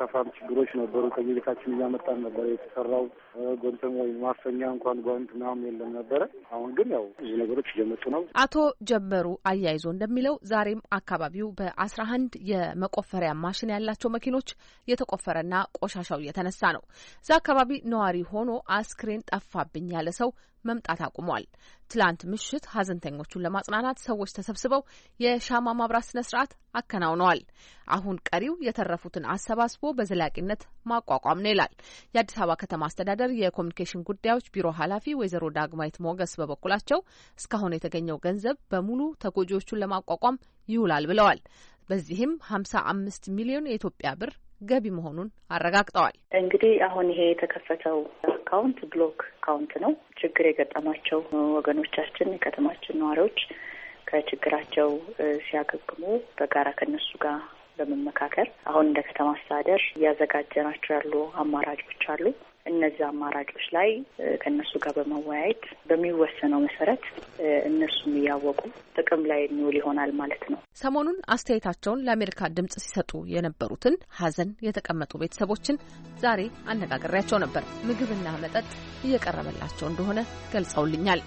ከፋም ችግሮች ነበሩ። ከየቤታችን እያመጣን ነበረ የተሰራው ጎንተም ወይ ማፈኛ እንኳን ጓንት ምናምን የለም ነበረ። አሁን ግን ያው ብዙ ነገሮች እየመጡ ነው። አቶ ጀመሩ አያይዞ እንደሚለው ዛሬም አካባቢው በአስራ አንድ የመቆፈሪያ ማሽን ያላቸው መኪኖች የተቆፈረና ቆሻሻው እየተነሳ ነው። እዛ አካባቢ ነዋሪ ሆኖ አስክሬን ጠፋብኝ ያለ ሰው መምጣት አቁሟል። ትላንት ምሽት ሀዘንተኞቹን ለማጽናናት ሰዎች ተሰብስበው የሻማ ማብራት ስነ ስርዓት አከናውነዋል። አሁን ቀሪው የተረፉትን አሰባስቦ በዘላቂነት ማቋቋም ነው ይላል የአዲስ አበባ ከተማ አስተዳደር የኮሚኒኬሽን ጉዳዮች ቢሮ ኃላፊ ወይዘሮ ዳግማዊት ሞገስ በበኩላቸው እስካሁን የተገኘው ገንዘብ በሙሉ ተጎጂዎቹን ለማቋቋም ይውላል ብለዋል። በዚህም ሀምሳ አምስት ሚሊዮን የኢትዮጵያ ብር ገቢ መሆኑን አረጋግጠዋል። እንግዲህ አሁን ይሄ የተከፈተው አካውንት ብሎክ አካውንት ነው። ችግር የገጠማቸው ወገኖቻችን የከተማችን ነዋሪዎች ከችግራቸው ሲያገግሙ በጋራ ከነሱ ጋር በመመካከር አሁን እንደ ከተማ አስተዳደር እያዘጋጀናቸው ያሉ አማራጮች አሉ። እነዚ አማራጮች ላይ ከእነሱ ጋር በመወያየት በሚወሰነው መሰረት እነሱም እያወቁ ጥቅም ላይ የሚውል ይሆናል ማለት ነው። ሰሞኑን አስተያየታቸውን ለአሜሪካ ድምጽ ሲሰጡ የነበሩትን ሀዘን የተቀመጡ ቤተሰቦችን ዛሬ አነጋግሬያቸው ነበር። ምግብና መጠጥ እየቀረበላቸው እንደሆነ ገልጸውልኛል።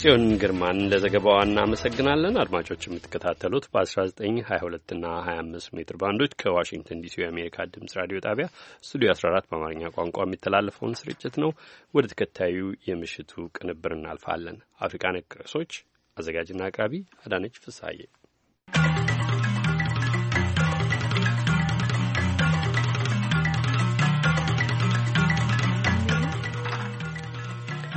ጽዮን ግርማን ለዘገባዋ እናመሰግናለን። አድማጮች የምትከታተሉት በ1922 እና 25 ሜትር ባንዶች ከዋሽንግተን ዲሲ የአሜሪካ ድምጽ ራዲዮ ጣቢያ ስቱዲዮ 14 በአማርኛ ቋንቋ የሚተላለፈውን ስርጭት ነው። ወደ ተከታዩ የምሽቱ ቅንብር እናልፋለን። አፍሪካ ነክ ርዕሶች አዘጋጅና አቅራቢ አዳነች ፍሳዬ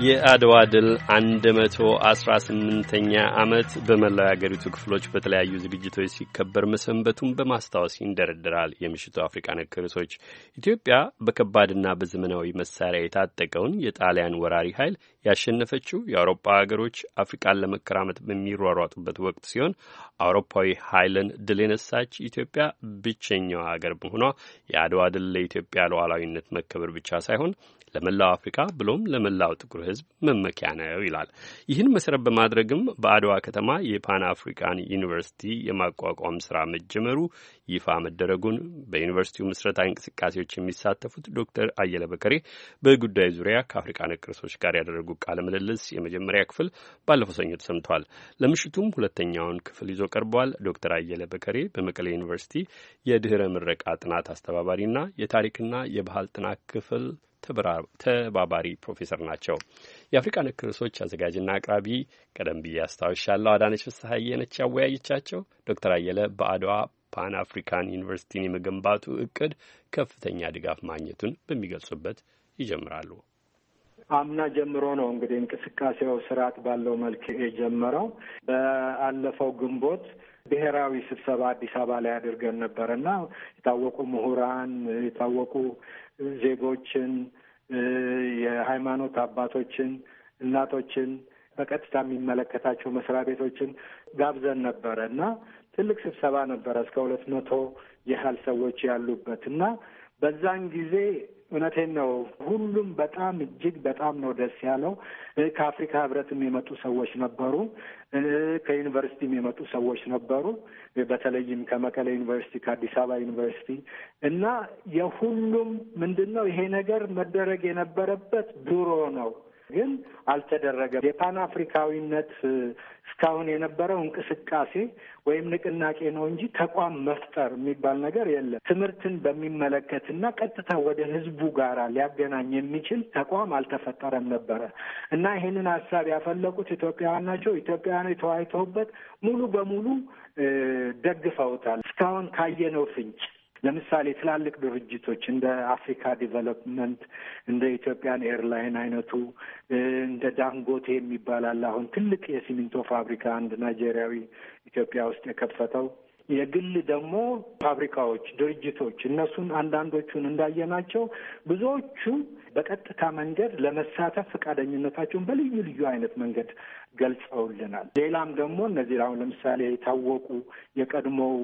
የአድዋ ድል 118ኛ ዓመት በመላው የአገሪቱ ክፍሎች በተለያዩ ዝግጅቶች ሲከበር መሰንበቱን በማስታወስ ይንደረድራል የምሽቱ አፍሪቃ ነክ ርዕሶች። ኢትዮጵያ በከባድና በዘመናዊ መሳሪያ የታጠቀውን የጣሊያን ወራሪ ኃይል ያሸነፈችው የአውሮፓ ሀገሮች አፍሪቃን ለመከራመት በሚሯሯጡበት ወቅት ሲሆን አውሮፓዊ ኃይልን ድል የነሳች ኢትዮጵያ ብቸኛዋ ሀገር መሆኗ የአድዋ ድል ለኢትዮጵያ ሉዓላዊነት መከበር ብቻ ሳይሆን ለመላው አፍሪካ ብሎም ለመላው ጥቁር ሕዝብ መመኪያ ነው ይላል። ይህን መሰረት በማድረግም በአድዋ ከተማ የፓን አፍሪካን ዩኒቨርሲቲ የማቋቋም ስራ መጀመሩ ይፋ መደረጉን በዩኒቨርሲቲው ምስረታ እንቅስቃሴዎች የሚሳተፉት ዶክተር አየለ በከሬ በጉዳዩ ዙሪያ ከአፍሪካ ነቅርሶች ጋር ያደረጉ ቃለ ምልልስ የመጀመሪያ ክፍል ባለፈው ሰኞ ተሰምቷል። ለምሽቱም ሁለተኛውን ክፍል ይዞ ቀርቧል። ዶክተር አየለ በከሬ በመቀሌ ዩኒቨርሲቲ የድህረ ምረቃ ጥናት አስተባባሪና የታሪክና የባህል ጥናት ክፍል ተባባሪ ፕሮፌሰር ናቸው። የአፍሪቃ ነክ ርዕሶች አዘጋጅና አቅራቢ ቀደም ብዬ አስታውሻለሁ አዳነች ፍስሐዬ ነች ያወያየቻቸው። ዶክተር አየለ በአድዋ ፓን አፍሪካን ዩኒቨርሲቲን የመገንባቱ እቅድ ከፍተኛ ድጋፍ ማግኘቱን በሚገልጹበት ይጀምራሉ። አምና ጀምሮ ነው እንግዲህ እንቅስቃሴው ስርዓት ባለው መልክ የጀመረው። በአለፈው ግንቦት ብሔራዊ ስብሰባ አዲስ አበባ ላይ አድርገን ነበር እና የታወቁ ምሁራን፣ የታወቁ ዜጎችን፣ የሃይማኖት አባቶችን፣ እናቶችን በቀጥታ የሚመለከታቸው መስሪያ ቤቶችን ጋብዘን ነበረ እና ትልቅ ስብሰባ ነበረ እስከ ሁለት መቶ ያህል ሰዎች ያሉበት እና በዛን ጊዜ እውነቴን ነው። ሁሉም በጣም እጅግ በጣም ነው ደስ ያለው። ከአፍሪካ ህብረት የመጡ ሰዎች ነበሩ። ከዩኒቨርሲቲ የመጡ ሰዎች ነበሩ። በተለይም ከመቀሌ ዩኒቨርሲቲ፣ ከአዲስ አበባ ዩኒቨርሲቲ እና የሁሉም ምንድን ነው ይሄ ነገር መደረግ የነበረበት ድሮ ነው ግን አልተደረገም። የፓን አፍሪካዊነት እስካሁን የነበረው እንቅስቃሴ ወይም ንቅናቄ ነው እንጂ ተቋም መፍጠር የሚባል ነገር የለም። ትምህርትን በሚመለከትና ቀጥታ ወደ ህዝቡ ጋራ ሊያገናኝ የሚችል ተቋም አልተፈጠረም ነበረ እና ይህንን ሀሳብ ያፈለቁት ኢትዮጵያውያን ናቸው። ኢትዮጵያውያን የተወያይተውበት ሙሉ በሙሉ ደግፈውታል። እስካሁን ካየነው ፍንጭ ለምሳሌ ትላልቅ ድርጅቶች እንደ አፍሪካ ዲቨሎፕመንት እንደ ኢትዮጵያን ኤርላይን አይነቱ እንደ ዳንጎቴ የሚባል አሁን ትልቅ የሲሚንቶ ፋብሪካ አንድ ናይጄሪያዊ ኢትዮጵያ ውስጥ የከፈተው የግል ደግሞ ፋብሪካዎች፣ ድርጅቶች እነሱን አንዳንዶቹን እንዳየናቸው ብዙዎቹ በቀጥታ መንገድ ለመሳተፍ ፈቃደኝነታቸውን በልዩ ልዩ አይነት መንገድ ገልጸውልናል። ሌላም ደግሞ እነዚህ አሁን ለምሳሌ የታወቁ የቀድሞው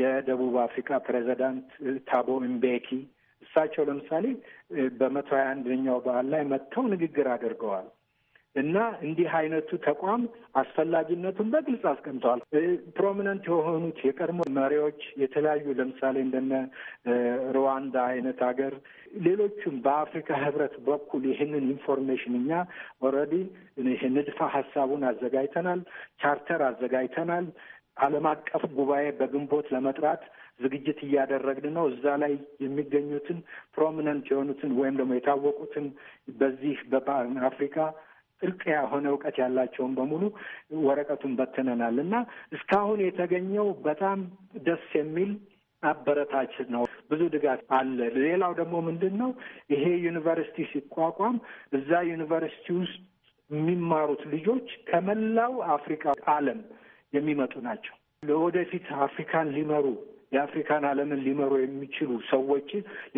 የደቡብ አፍሪካ ፕሬዚዳንት ታቦ ምቤኪ እሳቸው ለምሳሌ በመቶ ሀያ አንደኛው በዓል ላይ መጥተው ንግግር አድርገዋል እና እንዲህ አይነቱ ተቋም አስፈላጊነቱን በግልጽ አስቀምጠዋል። ፕሮሚነንት የሆኑት የቀድሞ መሪዎች የተለያዩ ለምሳሌ እንደነ ሩዋንዳ አይነት ሀገር፣ ሌሎቹም በአፍሪካ ህብረት በኩል ይህንን ኢንፎርሜሽን እኛ ኦልሬዲ ንድፈ ሀሳቡን አዘጋጅተናል፣ ቻርተር አዘጋጅተናል ዓለም አቀፍ ጉባኤ በግንቦት ለመጥራት ዝግጅት እያደረግን ነው። እዛ ላይ የሚገኙትን ፕሮሚነንት የሆኑትን ወይም ደግሞ የታወቁትን በዚህ በፓን አፍሪካ ጥልቅ የሆነ እውቀት ያላቸውን በሙሉ ወረቀቱን በትነናል እና እስካሁን የተገኘው በጣም ደስ የሚል አበረታች ነው። ብዙ ድጋፍ አለ። ሌላው ደግሞ ምንድን ነው ይሄ ዩኒቨርሲቲ ሲቋቋም እዛ ዩኒቨርሲቲ ውስጥ የሚማሩት ልጆች ከመላው አፍሪካ ዓለም የሚመጡ ናቸው። ለወደፊት አፍሪካን ሊመሩ የአፍሪካን ዓለምን ሊመሩ የሚችሉ ሰዎች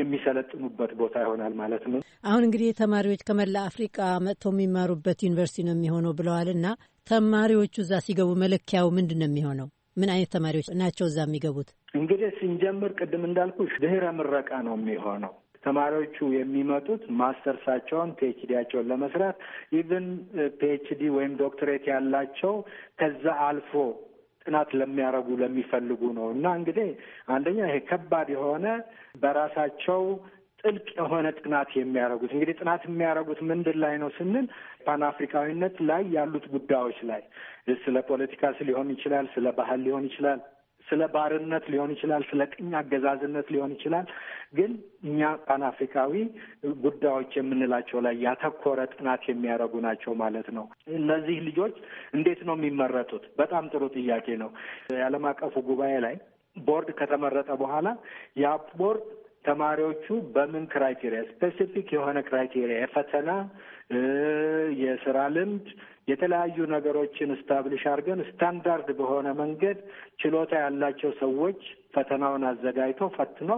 የሚሰለጥኑበት ቦታ ይሆናል ማለት ነው። አሁን እንግዲህ ተማሪዎች ከመላ አፍሪቃ መጥተው የሚማሩበት ዩኒቨርሲቲ ነው የሚሆነው ብለዋል እና ተማሪዎቹ እዛ ሲገቡ መለኪያው ምንድን ነው የሚሆነው? ምን አይነት ተማሪዎች ናቸው እዛ የሚገቡት? እንግዲህ ስንጀምር ቅድም እንዳልኩሽ ድህረ ምረቃ ነው የሚሆነው ተማሪዎቹ የሚመጡት ማስተርሳቸውን ፒኤችዲያቸውን ለመስራት ኢቭን ፒኤችዲ ወይም ዶክትሬት ያላቸው ከዛ አልፎ ጥናት ለሚያደርጉ ለሚፈልጉ ነው እና እንግዲህ አንደኛ ይሄ ከባድ የሆነ በራሳቸው ጥልቅ የሆነ ጥናት የሚያደረጉት እንግዲህ ጥናት የሚያደረጉት ምንድን ላይ ነው ስንል ፓን አፍሪካዊነት ላይ ያሉት ጉዳዮች ላይ ስለ ፖለቲካ ሊሆን ይችላል፣ ስለ ባህል ሊሆን ይችላል ስለ ባርነት ሊሆን ይችላል፣ ስለ ቅኝ አገዛዝነት ሊሆን ይችላል። ግን እኛ ፓን አፍሪካዊ ጉዳዮች የምንላቸው ላይ ያተኮረ ጥናት የሚያደርጉ ናቸው ማለት ነው። እነዚህ ልጆች እንዴት ነው የሚመረጡት? በጣም ጥሩ ጥያቄ ነው። የዓለም አቀፉ ጉባኤ ላይ ቦርድ ከተመረጠ በኋላ ያ ቦርድ ተማሪዎቹ በምን ክራይቴሪያ ስፔሲፊክ የሆነ ክራይቴሪያ የፈተና የስራ ልምድ የተለያዩ ነገሮችን እስታብሊሽ አድርገን ስታንዳርድ በሆነ መንገድ ችሎታ ያላቸው ሰዎች ፈተናውን አዘጋጅቶ ፈትኖ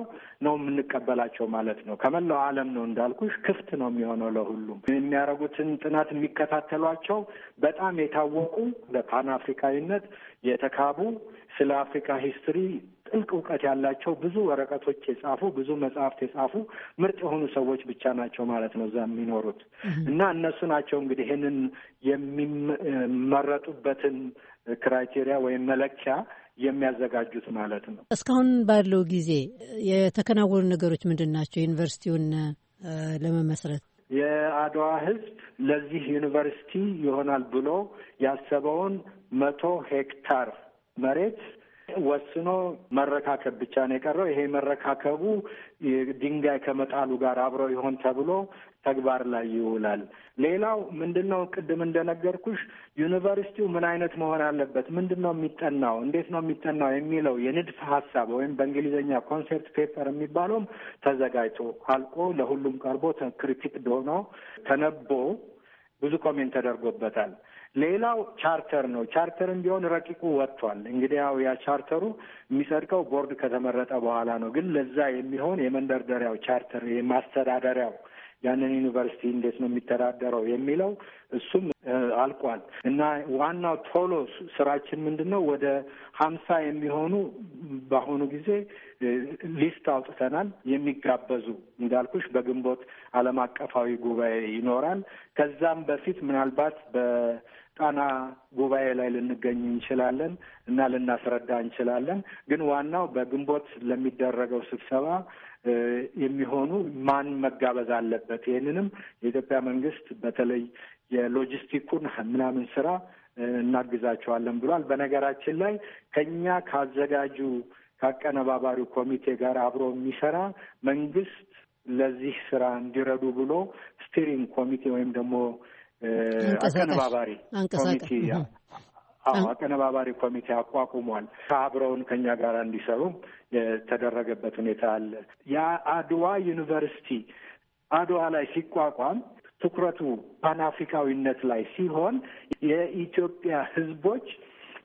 ነው የምንቀበላቸው ማለት ነው። ከመላው ዓለም ነው እንዳልኩሽ፣ ክፍት ነው የሚሆነው ለሁሉም። የሚያደርጉትን ጥናት የሚከታተሏቸው በጣም የታወቁ ለፓን አፍሪካዊነት የተካቡ ስለ አፍሪካ ሂስትሪ ጥልቅ እውቀት ያላቸው ብዙ ወረቀቶች የጻፉ ብዙ መጽሐፍት የጻፉ ምርጥ የሆኑ ሰዎች ብቻ ናቸው ማለት ነው እዛ የሚኖሩት እና እነሱ ናቸው እንግዲህ ይህንን የሚመረጡበትን ክራይቴሪያ ወይም መለኪያ የሚያዘጋጁት ማለት ነው። እስካሁን ባለው ጊዜ የተከናወኑ ነገሮች ምንድን ናቸው? ዩኒቨርሲቲውን ለመመስረት የአድዋ ሕዝብ ለዚህ ዩኒቨርሲቲ ይሆናል ብሎ ያሰበውን መቶ ሄክታር መሬት ወስኖ መረካከብ ብቻ ነው የቀረው። ይሄ መረካከቡ ድንጋይ ከመጣሉ ጋር አብሮ ይሆን ተብሎ ተግባር ላይ ይውላል። ሌላው ምንድን ነው? ቅድም እንደነገርኩሽ ዩኒቨርሲቲው ምን አይነት መሆን አለበት፣ ምንድን ነው የሚጠናው፣ እንዴት ነው የሚጠናው የሚለው የንድፍ ሀሳብ ወይም በእንግሊዝኛ ኮንሴፕት ፔፐር የሚባለውም ተዘጋጅቶ አልቆ ለሁሉም ቀርቦ ክሪቲክ ሆኖ ተነቦ ብዙ ኮሜንት ተደርጎበታል። ሌላው ቻርተር ነው። ቻርተርም ቢሆን ረቂቁ ወጥቷል። እንግዲህ ያው ያ ቻርተሩ የሚጸድቀው ቦርድ ከተመረጠ በኋላ ነው። ግን ለዛ የሚሆን የመንደርደሪያው ቻርተር የማስተዳደሪያው ያንን ዩኒቨርሲቲ እንዴት ነው የሚተዳደረው የሚለው እሱም አልቋል እና ዋናው ቶሎ ስራችን ምንድን ነው? ወደ ሀምሳ የሚሆኑ በአሁኑ ጊዜ ሊስት አውጥተናል። የሚጋበዙ እንዳልኩሽ በግንቦት ዓለም አቀፋዊ ጉባኤ ይኖራል። ከዛም በፊት ምናልባት በጣና ጉባኤ ላይ ልንገኝ እንችላለን እና ልናስረዳ እንችላለን። ግን ዋናው በግንቦት ለሚደረገው ስብሰባ የሚሆኑ ማን መጋበዝ አለበት፣ ይህንንም የኢትዮጵያ መንግስት በተለይ የሎጂስቲኩን ምናምን ስራ እናግዛቸዋለን ብሏል። በነገራችን ላይ ከኛ ካዘጋጁ ከአቀነባባሪው ኮሚቴ ጋር አብሮ የሚሰራ መንግስት ለዚህ ስራ እንዲረዱ ብሎ ስቲሪንግ ኮሚቴ ወይም ደግሞ አቀነባባሪ ኮሚቴ አቀነባባሪ ኮሚቴ አቋቁሟል። አብረውን ከኛ ጋር እንዲሰሩ የተደረገበት ሁኔታ አለ። የአድዋ ዩኒቨርሲቲ አድዋ ላይ ሲቋቋም ትኩረቱ ፓንአፍሪካዊነት ላይ ሲሆን የኢትዮጵያ ሕዝቦች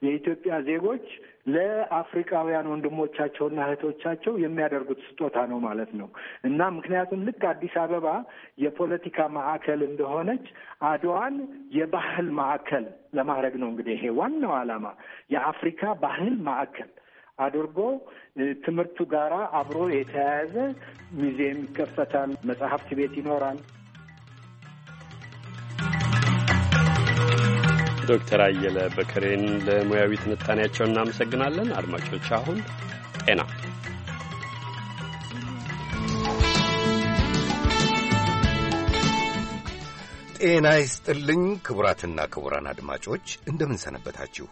የኢትዮጵያ ዜጎች ለአፍሪካውያን ወንድሞቻቸውና እህቶቻቸው የሚያደርጉት ስጦታ ነው ማለት ነው እና ምክንያቱም ልክ አዲስ አበባ የፖለቲካ ማዕከል እንደሆነች አድዋን የባህል ማዕከል ለማድረግ ነው እንግዲህ ይሄ ዋናው ዓላማ የአፍሪካ ባህል ማዕከል አድርጎ ትምህርቱ ጋራ አብሮ የተያያዘ ሙዚየም ይከፈታል፣ መጽሐፍት ቤት ይኖራል። ዶክተር አየለ በከሬን ለሙያዊ ትንታኔያቸው እናመሰግናለን። አድማጮች አሁን ጤና ጤና ይስጥልኝ ክቡራትና ክቡራን አድማጮች እንደምን ሰነበታችሁ?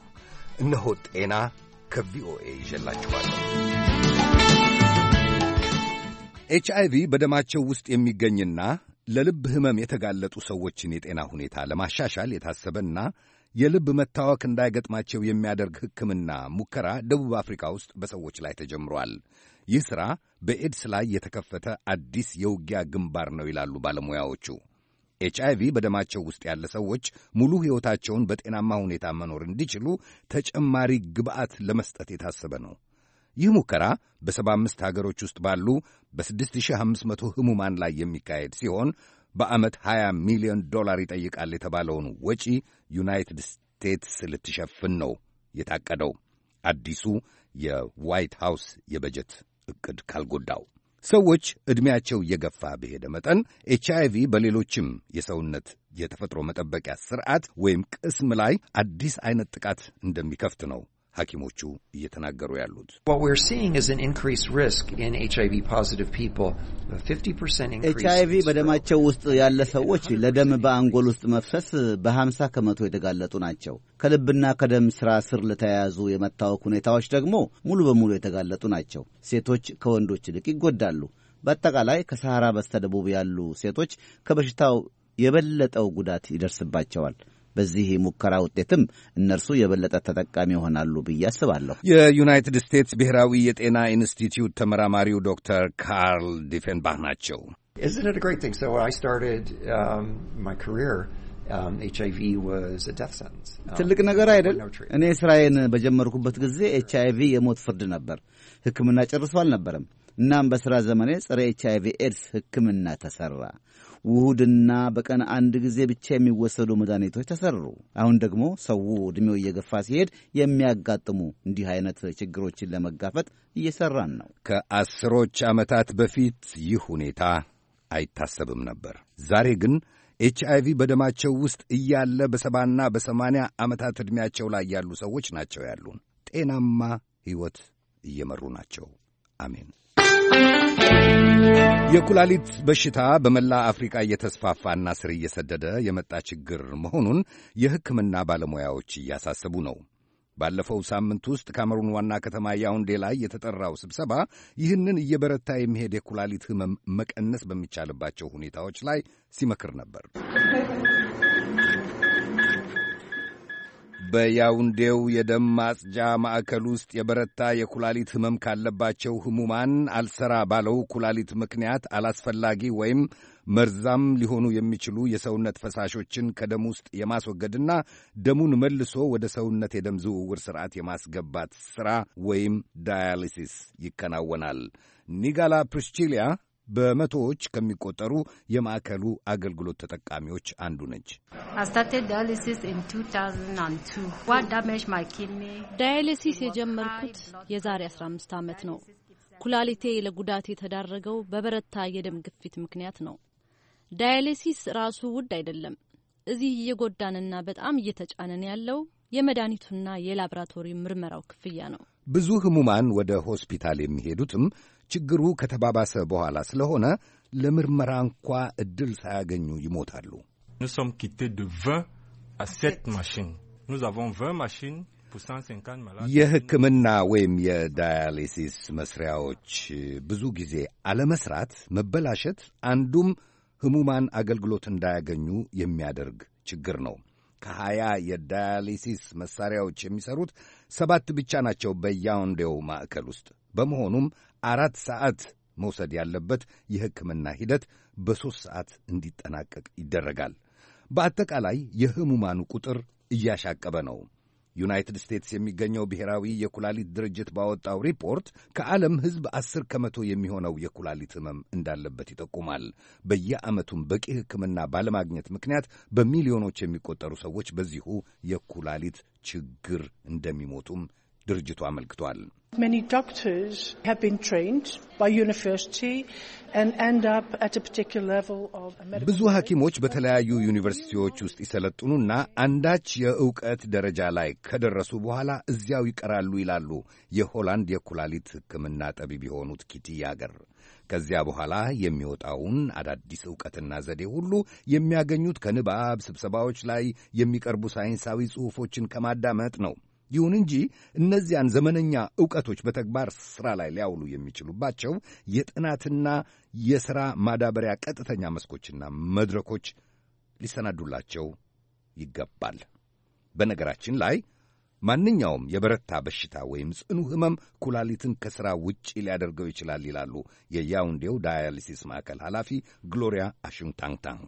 እነሆ ጤና ከቪኦኤ ይዤላችኋለሁ። ኤች አይቪ በደማቸው ውስጥ የሚገኝና ለልብ ህመም የተጋለጡ ሰዎችን የጤና ሁኔታ ለማሻሻል የታሰበና የልብ መታወክ እንዳይገጥማቸው የሚያደርግ ሕክምና ሙከራ ደቡብ አፍሪካ ውስጥ በሰዎች ላይ ተጀምሯል። ይህ ሥራ በኤድስ ላይ የተከፈተ አዲስ የውጊያ ግንባር ነው ይላሉ ባለሙያዎቹ። ኤች አይቪ በደማቸው ውስጥ ያለ ሰዎች ሙሉ ሕይወታቸውን በጤናማ ሁኔታ መኖር እንዲችሉ ተጨማሪ ግብዓት ለመስጠት የታሰበ ነው። ይህ ሙከራ በሰባ አምስት ሀገሮች ውስጥ ባሉ በ6500 ህሙማን ላይ የሚካሄድ ሲሆን በዓመት 20 ሚሊዮን ዶላር ይጠይቃል የተባለውን ወጪ ዩናይትድ ስቴትስ ልትሸፍን ነው የታቀደው አዲሱ የዋይት ሃውስ የበጀት ዕቅድ ካልጎዳው። ሰዎች ዕድሜያቸው እየገፋ በሄደ መጠን ኤች አይ ቪ በሌሎችም የሰውነት የተፈጥሮ መጠበቂያ ስርዓት ወይም ቅስም ላይ አዲስ አይነት ጥቃት እንደሚከፍት ነው ሐኪሞቹ እየተናገሩ ያሉት ኤች አይቪ በደማቸው ውስጥ ያለ ሰዎች ለደም በአንጎል ውስጥ መፍሰስ በ50 ከመቶ የተጋለጡ ናቸው። ከልብና ከደም ሥራ ስር ለተያያዙ የመታወክ ሁኔታዎች ደግሞ ሙሉ በሙሉ የተጋለጡ ናቸው። ሴቶች ከወንዶች ይልቅ ይጎዳሉ። በአጠቃላይ ከሰሐራ በስተደቡብ ያሉ ሴቶች ከበሽታው የበለጠው ጉዳት ይደርስባቸዋል። በዚህ ሙከራ ውጤትም እነርሱ የበለጠ ተጠቃሚ ይሆናሉ ብዬ አስባለሁ። የዩናይትድ ስቴትስ ብሔራዊ የጤና ኢንስቲትዩት ተመራማሪው ዶክተር ካርል ዲፌንባህ ናቸው። um, um, um, ትልቅ ነገር አይደል? እኔ ስራዬን በጀመርኩበት ጊዜ ኤች አይቪ የሞት ፍርድ ነበር። ሕክምና ጨርሶ አልነበረም። እናም በሥራ ዘመኔ ጸረ ኤች አይቪ ኤድስ ሕክምና ተሠራ። ውሁድና በቀን አንድ ጊዜ ብቻ የሚወሰዱ መድኃኒቶች ተሰሩ። አሁን ደግሞ ሰው ዕድሜው እየገፋ ሲሄድ የሚያጋጥሙ እንዲህ አይነት ችግሮችን ለመጋፈጥ እየሰራን ነው። ከአስሮች ዓመታት በፊት ይህ ሁኔታ አይታሰብም ነበር። ዛሬ ግን ኤች አይቪ በደማቸው ውስጥ እያለ በሰባና በሰማንያ ዓመታት ዕድሜያቸው ላይ ያሉ ሰዎች ናቸው ያሉን። ጤናማ ሕይወት እየመሩ ናቸው። አሜን። የኩላሊት በሽታ በመላ አፍሪቃ እየተስፋፋና ስር እየሰደደ የመጣ ችግር መሆኑን የሕክምና ባለሙያዎች እያሳሰቡ ነው። ባለፈው ሳምንት ውስጥ ካሜሩን ዋና ከተማ ያውንዴ ላይ የተጠራው ስብሰባ ይህንን እየበረታ የሚሄድ የኩላሊት ህመም መቀነስ በሚቻልባቸው ሁኔታዎች ላይ ሲመክር ነበር። በያውንዴው የደም ማጽጃ ማዕከል ውስጥ የበረታ የኩላሊት ህመም ካለባቸው ህሙማን አልሰራ ባለው ኩላሊት ምክንያት አላስፈላጊ ወይም መርዛም ሊሆኑ የሚችሉ የሰውነት ፈሳሾችን ከደም ውስጥ የማስወገድና ደሙን መልሶ ወደ ሰውነት የደም ዝውውር ሥርዓት የማስገባት ሥራ ወይም ዳያሊሲስ ይከናወናል። ኒጋላ ፕሪስቺሊያ በመቶዎች ከሚቆጠሩ የማዕከሉ አገልግሎት ተጠቃሚዎች አንዱ ነች። ዳያሊሲስ የጀመርኩት የዛሬ 15 ዓመት ነው። ኩላሊቴ ለጉዳት የተዳረገው በበረታ የደም ግፊት ምክንያት ነው። ዳያሊሲስ ራሱ ውድ አይደለም። እዚህ እየጎዳንና በጣም እየተጫነን ያለው የመድኃኒቱና የላብራቶሪ ምርመራው ክፍያ ነው። ብዙ ህሙማን ወደ ሆስፒታል የሚሄዱትም ችግሩ ከተባባሰ በኋላ ስለሆነ ለምርመራ እንኳ እድል ሳያገኙ ይሞታሉ። የሕክምና ወይም የዳያሊሲስ መስሪያዎች ብዙ ጊዜ አለመስራት፣ መበላሸት አንዱም ህሙማን አገልግሎት እንዳያገኙ የሚያደርግ ችግር ነው። ከሀያ የዳያሊሲስ መሳሪያዎች የሚሰሩት ሰባት ብቻ ናቸው በያውንዴው ማዕከል ውስጥ። በመሆኑም አራት ሰዓት መውሰድ ያለበት የሕክምና ሂደት በሦስት ሰዓት እንዲጠናቀቅ ይደረጋል። በአጠቃላይ የሕሙማኑ ቁጥር እያሻቀበ ነው። ዩናይትድ ስቴትስ የሚገኘው ብሔራዊ የኩላሊት ድርጅት ባወጣው ሪፖርት ከዓለም ሕዝብ ዐሥር ከመቶ የሚሆነው የኩላሊት ሕመም እንዳለበት ይጠቁማል። በየዓመቱም በቂ ሕክምና ባለማግኘት ምክንያት በሚሊዮኖች የሚቆጠሩ ሰዎች በዚሁ የኩላሊት ችግር እንደሚሞቱም ድርጅቱ አመልክቷል። ብዙ ሐኪሞች በተለያዩ ዩኒቨርሲቲዎች ውስጥ ይሰለጥኑና አንዳች የእውቀት ደረጃ ላይ ከደረሱ በኋላ እዚያው ይቀራሉ ይላሉ የሆላንድ የኩላሊት ሕክምና ጠቢብ የሆኑት ኪቲ ያገር። ከዚያ በኋላ የሚወጣውን አዳዲስ እውቀትና ዘዴ ሁሉ የሚያገኙት ከንባብ ስብሰባዎች ላይ የሚቀርቡ ሳይንሳዊ ጽሑፎችን ከማዳመጥ ነው። ይሁን እንጂ እነዚያን ዘመነኛ ዕውቀቶች በተግባር ሥራ ላይ ሊያውሉ የሚችሉባቸው የጥናትና የሥራ ማዳበሪያ ቀጥተኛ መስኮችና መድረኮች ሊሰናዱላቸው ይገባል። በነገራችን ላይ ማንኛውም የበረታ በሽታ ወይም ጽኑ ህመም ኩላሊትን ከሥራ ውጪ ሊያደርገው ይችላል ይላሉ የያውንዴው ዳያሊሲስ ማዕከል ኃላፊ ግሎሪያ አሽንታንታን።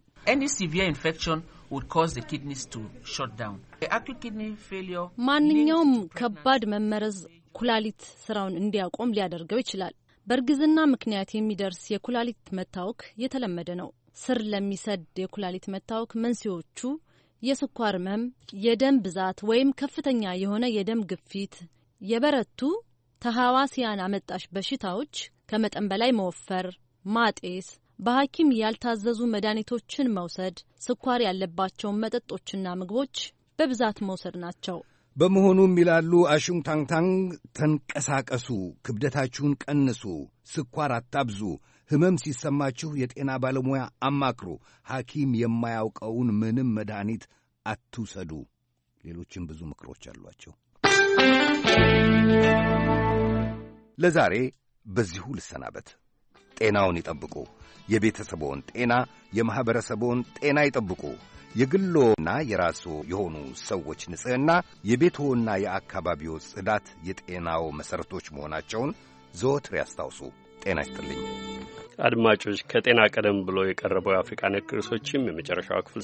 ማንኛውም ከባድ መመረዝ ኩላሊት ስራውን እንዲያቆም ሊያደርገው ይችላል። በእርግዝና ምክንያት የሚደርስ የኩላሊት መታወክ የተለመደ ነው። ስር ለሚሰድ የኩላሊት መታወክ መንስኤዎቹ የስኳር ህመም፣ የደም ብዛት ወይም ከፍተኛ የሆነ የደም ግፊት፣ የበረቱ ተሐዋስያን አመጣሽ በሽታዎች፣ ከመጠን በላይ መወፈር፣ ማጤስ፣ በሐኪም ያልታዘዙ መድኃኒቶችን መውሰድ፣ ስኳር ያለባቸውን መጠጦችና ምግቦች በብዛት መውሰድ ናቸው። በመሆኑም ይላሉ ታንታንግ ተንቀሳቀሱ፣ ክብደታችሁን ቀንሱ፣ ስኳር አታብዙ ህመም ሲሰማችሁ የጤና ባለሙያ አማክሩ። ሐኪም የማያውቀውን ምንም መድኃኒት አትውሰዱ። ሌሎችም ብዙ ምክሮች አሏቸው። ለዛሬ በዚሁ ልሰናበት። ጤናውን ይጠብቁ። የቤተሰቦን ጤና፣ የማኅበረሰቦን ጤና ይጠብቁ። የግሎና የራሶ የሆኑ ሰዎች ንጽሕና፣ የቤትዎና የአካባቢዎ ጽዳት የጤናው መሠረቶች መሆናቸውን ዘወትር ያስታውሱ። ጤና ይስጥልኝ። አድማጮች ከጤና ቀደም ብሎ የቀረበው የአፍሪቃ ነክ ርዕሶችም የመጨረሻው ክፍል